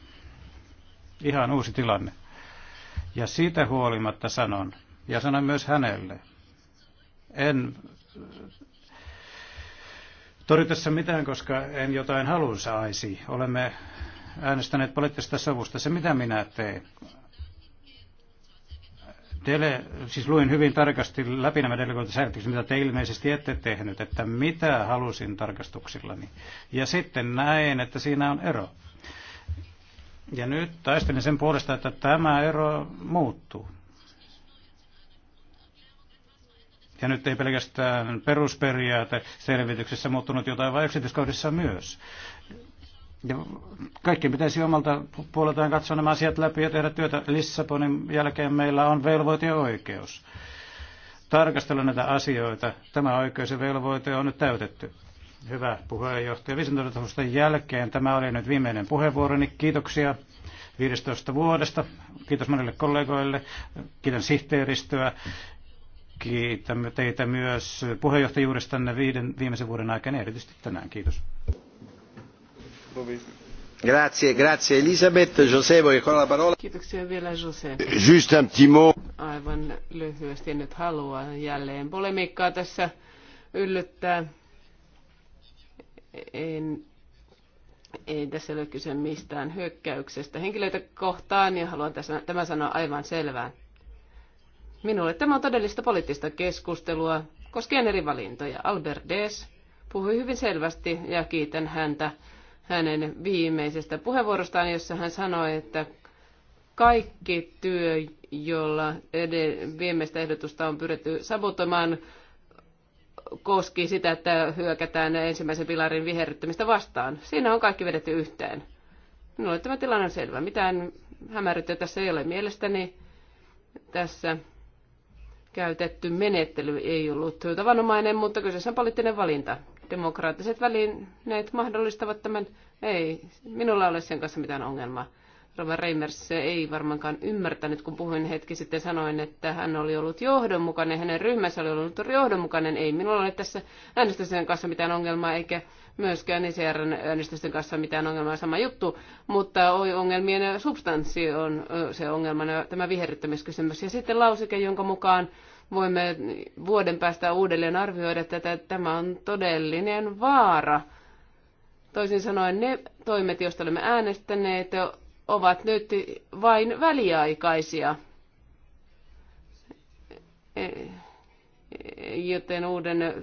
Ihan uusi tilanne. Ja siitä huolimatta sanon, ja sanoin myös hänelle, en tori tässä mitään, koska en jotain saisi. Olemme äänestäneet poliittisesta sovusta. Se mitä minä teen, Dele, siis luin hyvin tarkasti läpi nämä delegointisäädökset, mitä te ilmeisesti ette tehnyt, että mitä halusin tarkastuksillani. Ja sitten näin, että siinä on ero. Ja nyt taistelin sen puolesta, että tämä ero muuttuu. Ja nyt ei pelkästään perusperiaate selvityksessä muuttunut jotain, vaan yksityiskohdissa myös. Ja kaikki pitäisi omalta puoleltaan katsoa nämä asiat läpi ja tehdä työtä. Lissabonin jälkeen meillä on velvoite ja oikeus tarkastella näitä asioita. Tämä oikeus ja velvoite on nyt täytetty. Hyvä puheenjohtaja. 15 jälkeen tämä oli nyt viimeinen puheenvuoroni. Kiitoksia 15 vuodesta. Kiitos monille kollegoille. Kiitän sihteeristöä Kiitämme teitä myös puheenjohtajuudestanne viiden viimeisen vuoden aikana, erityisesti tänään. Kiitos. Grazie, grazie Elisabeth. José, voi la parola. Kiitoksia vielä Jose. Just un petit mot. Aivan lyhyesti nyt halua jälleen polemiikkaa tässä yllyttää. En, ei tässä ole kyse mistään hyökkäyksestä henkilöitä kohtaan ja haluan tässä, tämä sanoa aivan selvään Minulle tämä on todellista poliittista keskustelua koskien eri valintoja. Albert Dees puhui hyvin selvästi ja kiitän häntä hänen viimeisestä puheenvuorostaan, jossa hän sanoi, että kaikki työ, jolla viimeistä ehdotusta on pyritty sabotoimaan, koski sitä, että hyökätään ensimmäisen pilarin viherryttämistä vastaan. Siinä on kaikki vedetty yhteen. Minulle tämä tilanne on selvä. Mitään hämärryttä tässä ei ole mielestäni. Tässä käytetty menettely ei ollut tavanomainen, mutta kyseessä on poliittinen valinta. Demokraattiset välineet mahdollistavat tämän. Ei, minulla ole sen kanssa mitään ongelmaa. Rova Reimers ei varmaankaan ymmärtänyt, kun puhuin hetki sitten, sanoin, että hän oli ollut johdonmukainen, hänen ryhmänsä oli ollut johdonmukainen. Ei minulla ole tässä äänestysten kanssa mitään ongelmaa, eikä myöskään ICRn e äänestysten kanssa mitään ongelmaa, sama juttu, mutta ongelmien substanssi on se ongelma, tämä viherryttämiskysymys. Ja sitten lausike, jonka mukaan voimme vuoden päästä uudelleen arvioida että tämä on todellinen vaara. Toisin sanoen ne toimet, joista olemme äänestäneet, ovat nyt vain väliaikaisia. Joten uuden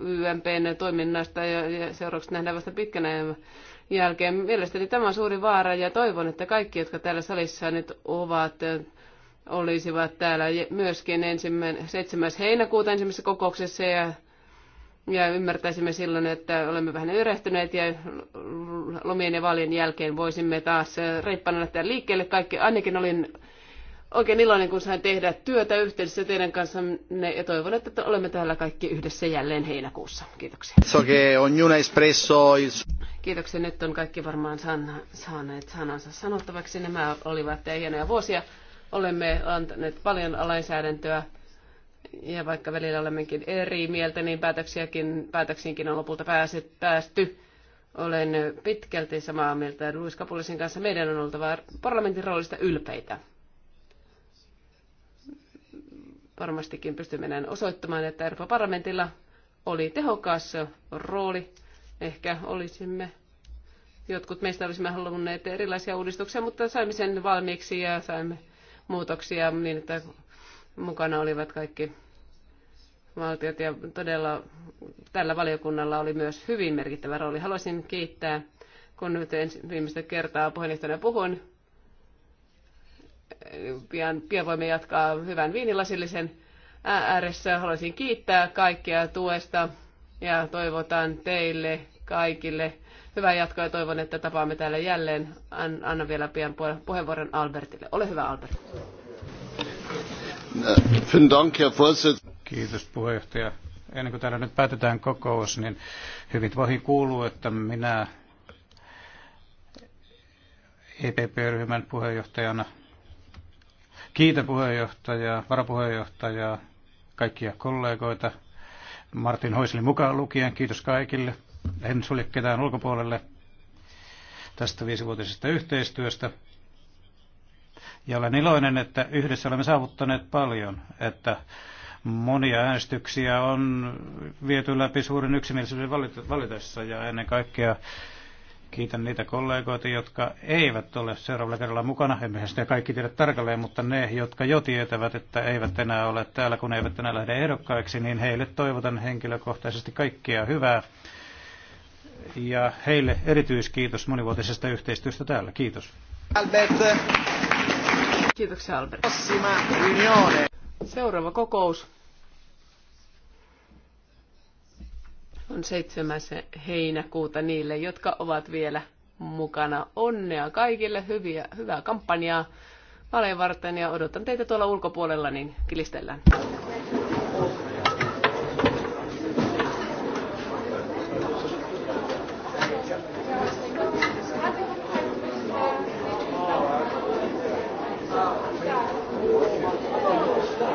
YMPn toiminnasta ja seuraavaksi nähdään vasta pitkänä jälkeen. Mielestäni tämä on suuri vaara ja toivon, että kaikki, jotka täällä salissa nyt ovat, olisivat täällä myöskin ensimmäinen, 7. heinäkuuta ensimmäisessä kokouksessa ja, ja ymmärtäisimme silloin, että olemme vähän yrehtyneet ja lomien ja vaalien jälkeen voisimme taas äh, reippaana lähteä liikkeelle. Kaikki, ainakin olin oikein iloinen, kun sain tehdä työtä yhteydessä teidän kanssanne ja toivon, että olemme täällä kaikki yhdessä jälleen heinäkuussa. Kiitoksia. Kiitoksia. Nyt on kaikki varmaan saaneet sanansa sanottavaksi. Nämä olivat hienoja vuosia. Olemme antaneet paljon lainsäädäntöä ja vaikka välillä olemmekin eri mieltä, niin päätöksiäkin, päätöksiinkin on lopulta pääset, päästy. Olen pitkälti samaa mieltä Luis Kapulisin kanssa. Meidän on oltava parlamentin roolista ylpeitä. Varmastikin pystymme näin osoittamaan, että Euroopan parlamentilla oli tehokas rooli. Ehkä olisimme jotkut meistä olisimme halunneet erilaisia uudistuksia, mutta saimme sen valmiiksi ja saimme muutoksia niin, että mukana olivat kaikki valtiot ja todella tällä valiokunnalla oli myös hyvin merkittävä rooli. Haluaisin kiittää, kun nyt viimeistä kertaa puheenjohtajana puhun. Pian, pian voimme jatkaa hyvän viinilasillisen ääressä. Haluaisin kiittää kaikkia tuesta ja toivotan teille kaikille hyvää jatkoa ja toivon, että tapaamme täällä jälleen. Anna vielä pian puheenvuoron Albertille. Ole hyvä Albert. Äh, vielen Dank, Herr Kiitos puheenjohtaja. Ennen kuin täällä nyt päätetään kokous, niin hyvin voihin kuuluu, että minä EPP-ryhmän puheenjohtajana kiitän puheenjohtajaa, varapuheenjohtajaa, kaikkia kollegoita, Martin Hoislin mukaan lukien. Kiitos kaikille. En sulje ketään ulkopuolelle tästä viisivuotisesta yhteistyöstä. Ja olen iloinen, että yhdessä olemme saavuttaneet paljon, että Monia äänestyksiä on viety läpi suuren yksimielisyyden valitessa ja ennen kaikkea kiitän niitä kollegoita, jotka eivät ole seuraavalla kerralla mukana. Emme sitä kaikki tiedä tarkalleen, mutta ne, jotka jo tietävät, että eivät enää ole täällä, kun eivät enää lähde ehdokkaiksi, niin heille toivotan henkilökohtaisesti kaikkea hyvää. Ja heille erityiskiitos monivuotisesta yhteistyöstä täällä. Kiitos. Albert. Kiitoksia Albert. Prossima riunione. Seuraava kokous on 7. heinäkuuta niille, jotka ovat vielä mukana. Onnea kaikille, hyviä, hyvää kampanjaa vaaleja varten ja odotan teitä tuolla ulkopuolella, niin kilistellään.